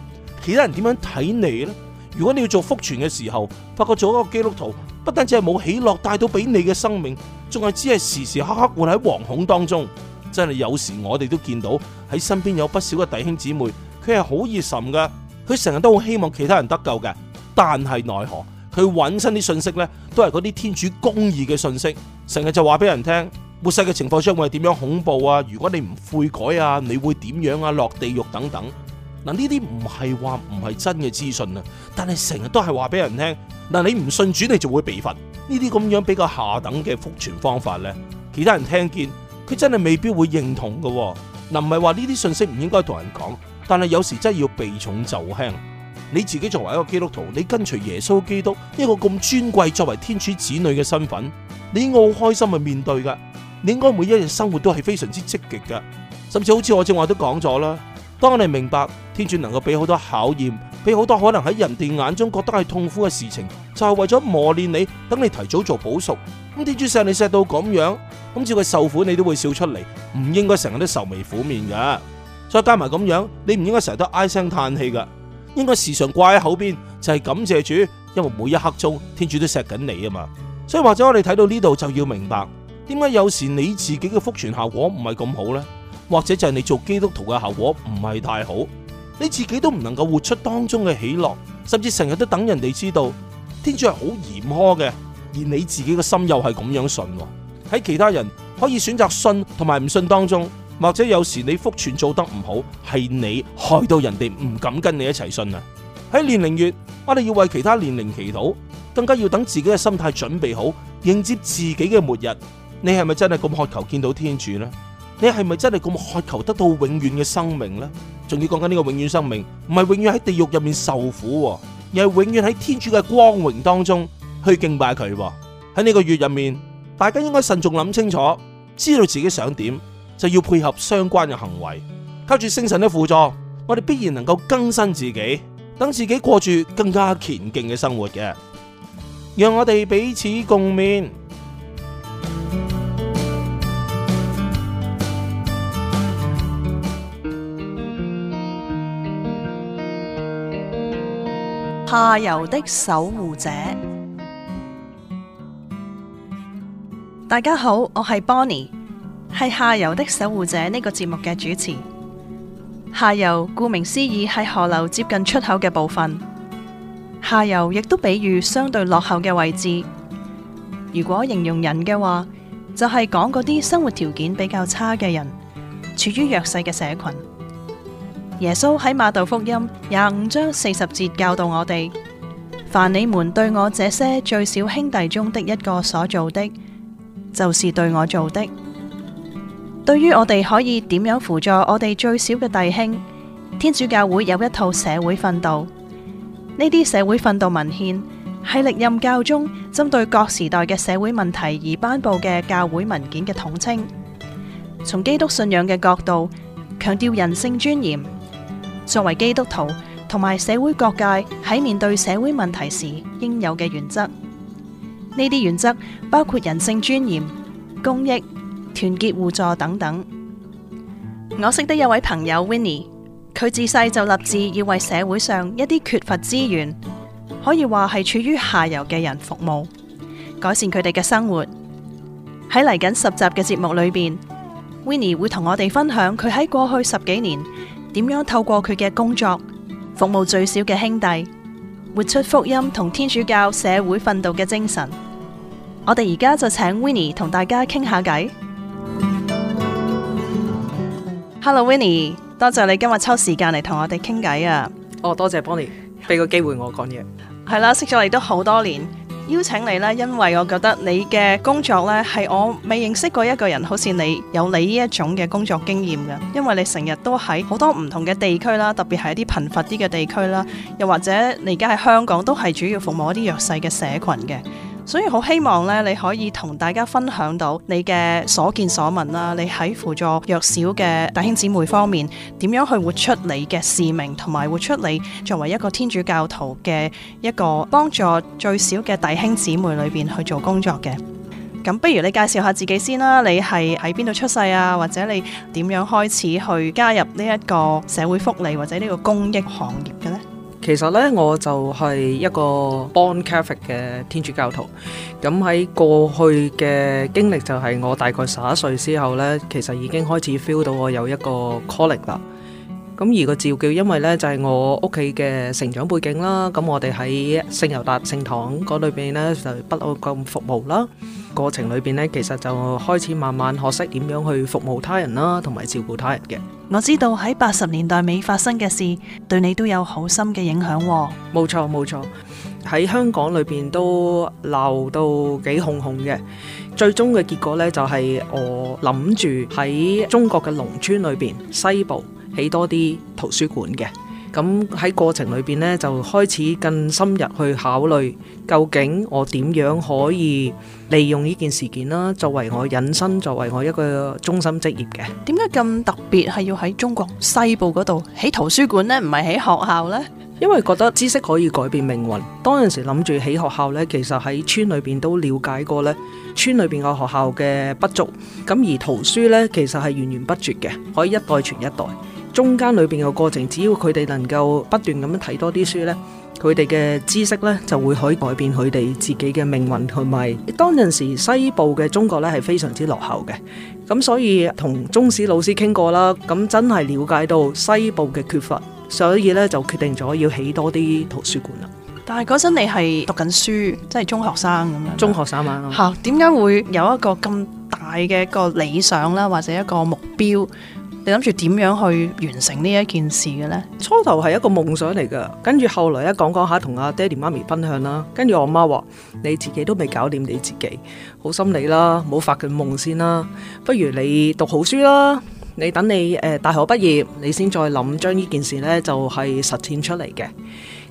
其他人點樣睇你呢？如果你要做福傳嘅時候，發覺做一個基督徒不單止係冇喜樂帶到俾你嘅生命，仲係只係時時刻刻活喺惶恐當中。真係有時我哋都見到喺身邊有不少嘅弟兄姊妹，佢係好熱心㗎，佢成日都好希望其他人得救嘅，但係奈何，佢搵新啲信息呢，都係嗰啲天主公義嘅信息，成日就話俾人聽末世嘅情況將會係點樣恐怖啊！如果你唔悔改啊，你會點樣啊？落地獄等等嗱，呢啲唔係話唔係真嘅資訊啊，但係成日都係話俾人聽嗱，你唔信主你就會被罰。呢啲咁樣比較下等嘅復傳方法呢，其他人聽見佢真係未必會認同噶，嗱，唔係話呢啲信息唔應該同人講，但係有時真係要避重就輕。你自己作為一個基督徒，你跟隨耶穌基督一個咁尊貴作為天主子女嘅身份，你應該好開心去面對噶。你應該每一日生活都係非常之積極噶。甚至好似我正話都講咗啦，當你明白天主能夠俾好多考驗，俾好多可能喺人哋眼中覺得係痛苦嘅事情，就係、是、為咗磨練你，等你提早做補贖。咁天主錫你錫到咁樣，咁至佢受苦你都會笑出嚟，唔應該成日都愁眉苦面噶。再加埋咁樣，你唔應該成日都唉聲嘆氣噶。應該時常掛喺口邊，就係感謝主，因為每一刻中天主都錫緊你啊嘛。所以或者我哋睇到呢度就要明白，點解有時你自己嘅福傳效果唔係咁好呢？或者就係你做基督徒嘅效果唔係太好，你自己都唔能夠活出當中嘅喜樂，甚至成日都等人哋知道，天主係好嚴苛嘅，而你自己嘅心又係咁樣信喎。喺其他人可以選擇信同埋唔信當中。或者有時你福傳做得唔好，係你害到人哋唔敢跟你一齊信啊！喺年齡月，我哋要為其他年齡祈禱，更加要等自己嘅心態準備好，迎接自己嘅末日。你係咪真係咁渴求見到天主呢？你係咪真係咁渴求得到永遠嘅生命呢？仲要講緊呢個永遠生命，唔係永遠喺地獄入面受苦，而係永遠喺天主嘅光榮當中去敬拜佢。喺呢個月入面，大家應該慎重諗清楚，知道自己想點。就要配合相關嘅行為，靠住精神嘅輔助，我哋必然能夠更新自己，等自己過住更加堅勁嘅生活嘅。讓我哋彼此共勉。下游的守護者，大家好，我係 Bonnie。係下游的守護者呢個節目嘅主持。下游顧名思義係河流接近出口嘅部分。下游亦都比喻相對落後嘅位置。如果形容人嘅話，就係講嗰啲生活條件比較差嘅人，處於弱勢嘅社群。耶穌喺馬竇福音廿五章四十節教導我哋：凡你們對我這些最小兄弟中的一個所做的，就是對我做的。對於我哋可以點樣輔助我哋最少嘅弟兄？天主教會有一套社會訓導，呢啲社會訓導文獻係歷任教宗針對各時代嘅社會問題而頒布嘅教會文件嘅統稱。從基督信仰嘅角度強調人性尊嚴，作為基督徒同埋社會各界喺面對社會問題時應有嘅原則。呢啲原則包括人性尊嚴、公益。團結互助等等。我識得有位朋友 Winnie，佢自細就立志要為社會上一啲缺乏資源，可以話係處於下游嘅人服務，改善佢哋嘅生活。喺嚟緊十集嘅節目裏邊，Winnie 會同我哋分享佢喺過去十幾年點樣透過佢嘅工作服務最小嘅兄弟，活出福音同天主教社會訓導嘅精神。我哋而家就請 Winnie 同大家傾下偈。Hello Winnie，多謝，謝你今日抽時間嚟同我哋傾偈啊！哦，多謝，謝 Bonnie，俾個機會我講嘢。係啦、 啊，識咗你都好多年，邀請你呢，因為我覺得你嘅工作呢，係我未認識過一個人，好似你有你呢一種嘅工作經驗嘅，因為你成日都喺好多唔同嘅地區啦，特別係一啲貧乏啲嘅地區啦，又或者你而家喺香港都係主要服務一啲弱勢嘅社群嘅。所以好希望咧，你可以同大家分享到你嘅所見所聞啦，你喺輔助弱小嘅弟兄姊妹方面點樣去活出你嘅使命，同埋活出你作為一個天主教徒嘅一個幫助最少嘅弟兄姊妹裏面去做工作嘅。咁不如你介紹下自己先啦，你係喺邊度出世啊？或者你點樣開始去加入呢一個社會福利或者呢個公益行業嘅呢？其實呢，我就係一個 Born Catholic 嘅天主教徒。咁喺過去嘅經歷就係我大概十一歲之後呢，其實已經開始 feel 到我有一個 calling 啦。咁而個召叫，因為咧就係我屋企嘅成長背景啦。咁我哋喺聖猶達聖堂嗰裏邊咧，就不傲咁服務啦。過程裏邊咧，其實就開始慢慢學識點樣去服務他人啦，同埋照顧他人嘅。我知道喺八十年代尾發生嘅事，對你都有好深嘅影響。冇錯冇錯，喺香港裏邊都鬧到幾哄哄嘅。最終嘅結果咧，就係我諗住喺中國嘅農村裏邊西部。起多啲圖書館嘅，咁喺過程裏邊呢，就開始更深入去考慮，究竟我點樣可以利用呢件事件啦，作為我引申，作為我一個中心職業嘅。點解咁特別係要喺中國西部嗰度起圖書館呢，唔係喺學校呢？因為覺得知識可以改變命運。當陣時諗住起學校呢，其實喺村裏邊都了解過呢，村裏邊個學校嘅不足，咁而圖書呢，其實係源源不絕嘅，可以一代傳一代。中間裏邊嘅過程，只要佢哋能夠不斷咁樣睇多啲書呢，佢哋嘅知識呢就會可以改變佢哋自己嘅命運，同埋當陣時西部嘅中國呢係非常之落後嘅，咁所以同中史老師傾過啦，咁真係了解到西部嘅缺乏，所以呢就決定咗要起多啲圖書館啦。但係嗰陣你係讀緊書，即係中學生咁樣，中學生啊吓？點解吧會有一個咁大嘅個理想啦，或者一個目標？你諗住點樣去完成呢一件事嘅呢？初頭係一個夢想嚟噶，跟住後來一講講下，同阿爹哋媽咪分享啦。跟住我媽話：你自己都未搞掂你自己，好心你啦，冇發個夢先啦。不如你讀好書啦，你等你誒、呃、大學畢業，你先再諗將呢件事呢就係、是、實踐出嚟嘅。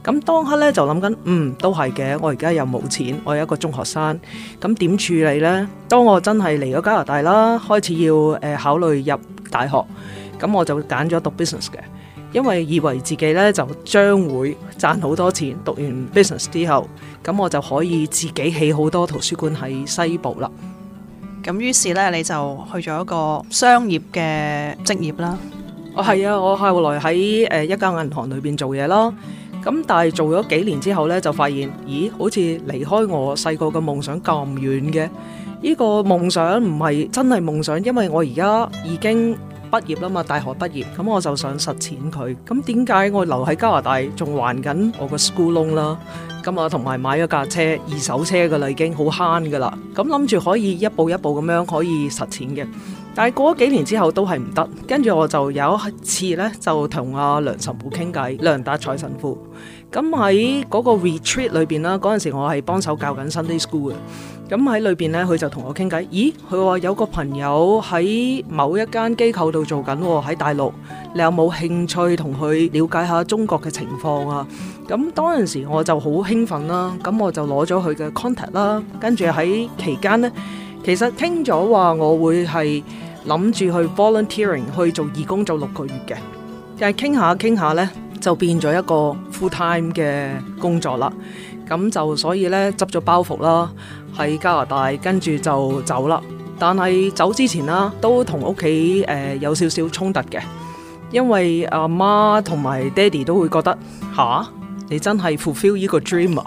咁當刻呢，就諗緊，嗯，都係嘅。我而家又冇錢，我有一個中學生，咁點處理呢？當我真係嚟咗加拿大啦，開始要誒、呃、考慮入。大學，咁我就揀咗讀 business 嘅，因為以為自己呢就將會賺好多錢，讀完 business 之後，咁我就可以自己起好多圖書館喺西部啦。咁於是呢，你就去咗一個商業嘅職業啦。我係啊，啊，我後來喺誒、呃、一間銀行裏邊做嘢咯。咁但係做咗幾年之後呢，就發現，咦，好似離開我細個嘅夢想咁遠嘅。呢個夢想唔係真係夢想，因為我而家已經畢業啦嘛，大學畢業，咁我就想實踐佢。咁點解我留喺加拿大仲還緊我個 school loan 啦？咁啊，同埋買咗架車，二手車㗎啦，已經好慳㗎啦。咁諗住可以一步一步咁樣可以實踐嘅。但係過咗幾年之後都係唔得，跟住我就有一次呢，就同阿、啊、梁神父傾偈，梁達財神父。咁喺嗰個 retreat 裏邊啦，嗰陣時我係幫手教緊 Sunday School 嘅。咁喺裏邊咧，佢就同我傾偈。咦，佢話有個朋友喺某一間機構度做緊喎，喺大陸。你有冇興趣同佢了解下中國嘅情況啊？咁當陣時我就好興奮啦。咁我就攞咗佢嘅 contact 啦。跟住喺期間呢，其實傾咗話我會係諗住去 volunteering 去做義工做六個月嘅。但係傾下傾下呢，就變咗一個 full time 嘅工作啦。咁就所以呢執咗包袱啦，喺加拿大跟住就走啦。但係走之前啦，都同屋企誒有少少衝突嘅，因為阿媽同埋爹哋都會覺得吓，你真係 fulfill 呢個 dream 啊？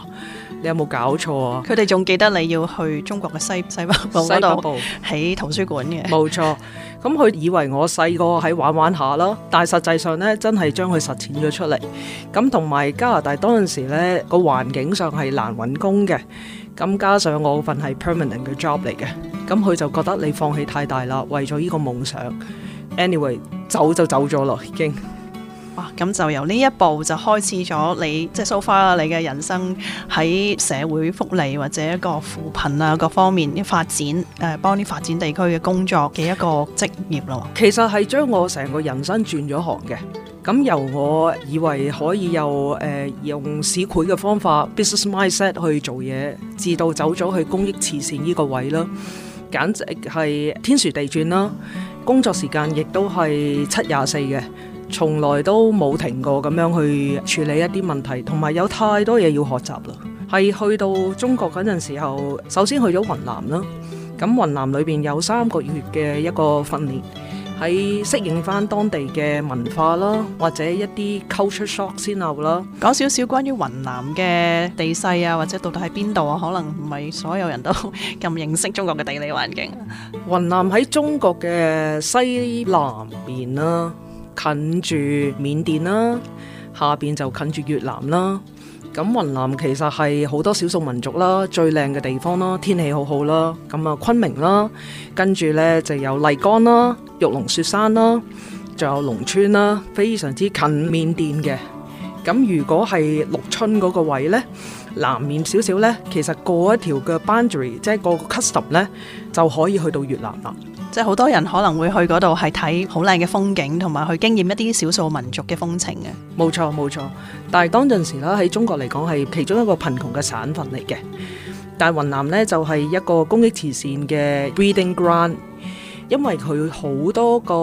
你有冇搞錯啊？佢哋仲記得你要去中國嘅西西北部嗰度喺圖書館嘅錯，冇錯。咁佢以為我細個喺玩玩下啦，但係實際上呢，真係將佢實踐咗出嚟。咁同埋加拿大當陣時呢個環境上係難揾工嘅，咁加上我份係 permanent 嘅 job 嚟嘅，咁佢就覺得你放棄太大啦，為咗呢個夢想，anyway 走就走咗啦，已經。哇！咁就由呢一步就開始咗，你即係 so far 你嘅人生喺社會福利或者一個扶貧啊各方面發展，誒幫啲發展地區嘅工作嘅一個職業咯。其實係將我成個人生轉咗行嘅。咁由我以為可以又、呃、用市儈嘅方法 business mindset 去做嘢，至到走咗去公益慈善呢個位啦，簡直係天旋地轉啦！工作時間亦都係七廿四嘅。從來都冇停過咁樣去處理一啲問題，同埋有太多嘢要學習啦。係去到中國嗰陣時候，首先去咗雲南啦。咁雲南裏邊有三個月嘅一個訓練，喺適應返當地嘅文化啦，或者一啲 culture shock 先有啦。講少少關於雲南嘅地勢啊，或者到底喺邊度啊，可能唔係所有人都咁認識中國嘅地理環境。雲南喺中國嘅西南邊啦。近住緬甸啦、啊，下邊就近住越南啦、啊。咁雲南其實係好多少數民族啦，最靚嘅地方啦，天氣好好啦。咁啊，昆明啦，跟住呢就有麗江啦、玉龍雪山啦，仲有龍川啦，非常之近緬甸嘅。咁如果係綠春嗰個位置呢，南面少少呢，其實過一條嘅 boundary，即係過個 custom 呢，就可以去到越南啦。即係好多人可能會去嗰度係睇好靚嘅風景，同埋去經驗一啲少數民族嘅風情嘅。冇錯冇錯，但係當陣時呢，喺中國嚟講係其中一個貧窮嘅省份嚟嘅，但係雲南呢，就係一個公益慈善嘅 breeding ground。因為佢好多個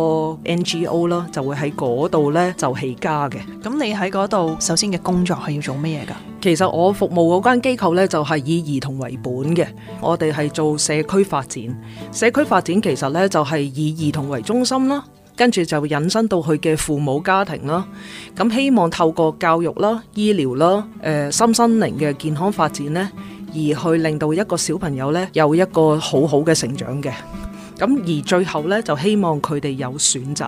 NGO 啦，就會喺嗰度呢就起家嘅。咁你喺嗰度首先嘅工作係要做咩嘢㗎？其實我服務嗰間機構呢就係以兒童為本嘅，我哋係做社區發展。社區發展其實呢，就係以兒童為中心啦，跟住就引申到佢嘅父母家庭啦。咁希望透過教育啦、醫療啦、誒身心靈嘅健康發展呢，而去令到一個小朋友呢，有一個好好嘅成長嘅。咁而最後咧，就希望佢哋有選擇。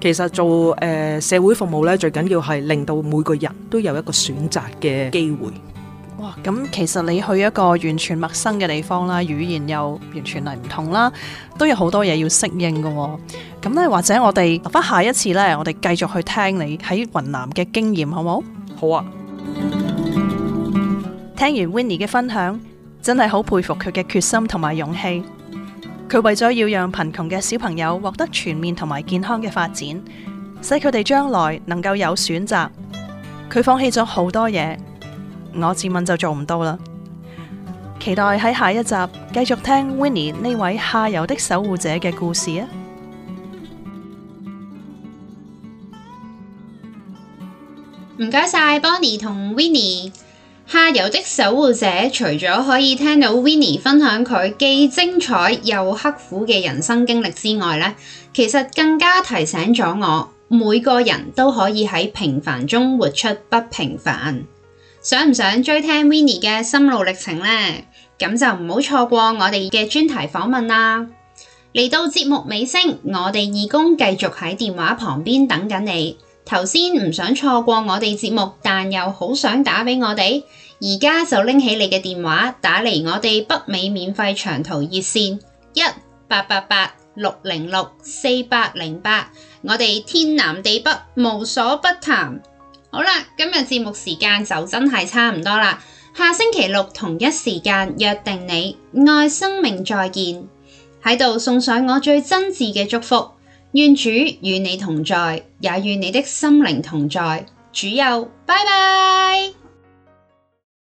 其實做誒、呃、社會服務咧，最緊要係令到每個人都有一個選擇嘅機會。哇！咁其實你去一個完全陌生嘅地方啦，語言又完全係唔同啦，都有好多嘢要適應嘅喎、哦。咁咧，或者我哋留返下一次咧，我哋繼續去聽你喺雲南嘅經驗，好唔好？好啊！聽完 Winnie 嘅分享，真係好佩服佢嘅決心同埋勇氣。佢為咗要讓貧窮嘅小朋友獲得全面同埋健康嘅發展，使佢哋將來能夠有選擇，佢放棄咗好多嘢。我自問就做唔到啦。期待喺下一集繼續聽 Winnie 呢位下游的守護者嘅故事啊！唔該晒 Bonnie 同 Winnie。下游的守護者，除咗可以聽到 Winnie 分享佢既精彩又刻苦嘅人生經歷之外呢，其實更加提醒咗我，每個人都可以喺平凡中活出不平凡。想唔想追聽 Winnie 嘅心路歷程呢？咁就唔好錯過我哋嘅專題訪問啦！嚟到節目尾聲，我哋義工繼續喺電話旁邊等緊你。頭先唔想錯過我哋節目，但又好想打俾我哋，而家就拎起你嘅電話打嚟，我哋北美免費長途熱線一八八八六零六四八零八，8，我哋天南地北無所不談。好啦，今日節目時間就真係差唔多啦，下星期六同一時間約定你，愛生命，再見，喺度，送上我最真摯嘅祝福。願主與你同在，也與你的心靈同在。主佑，拜拜。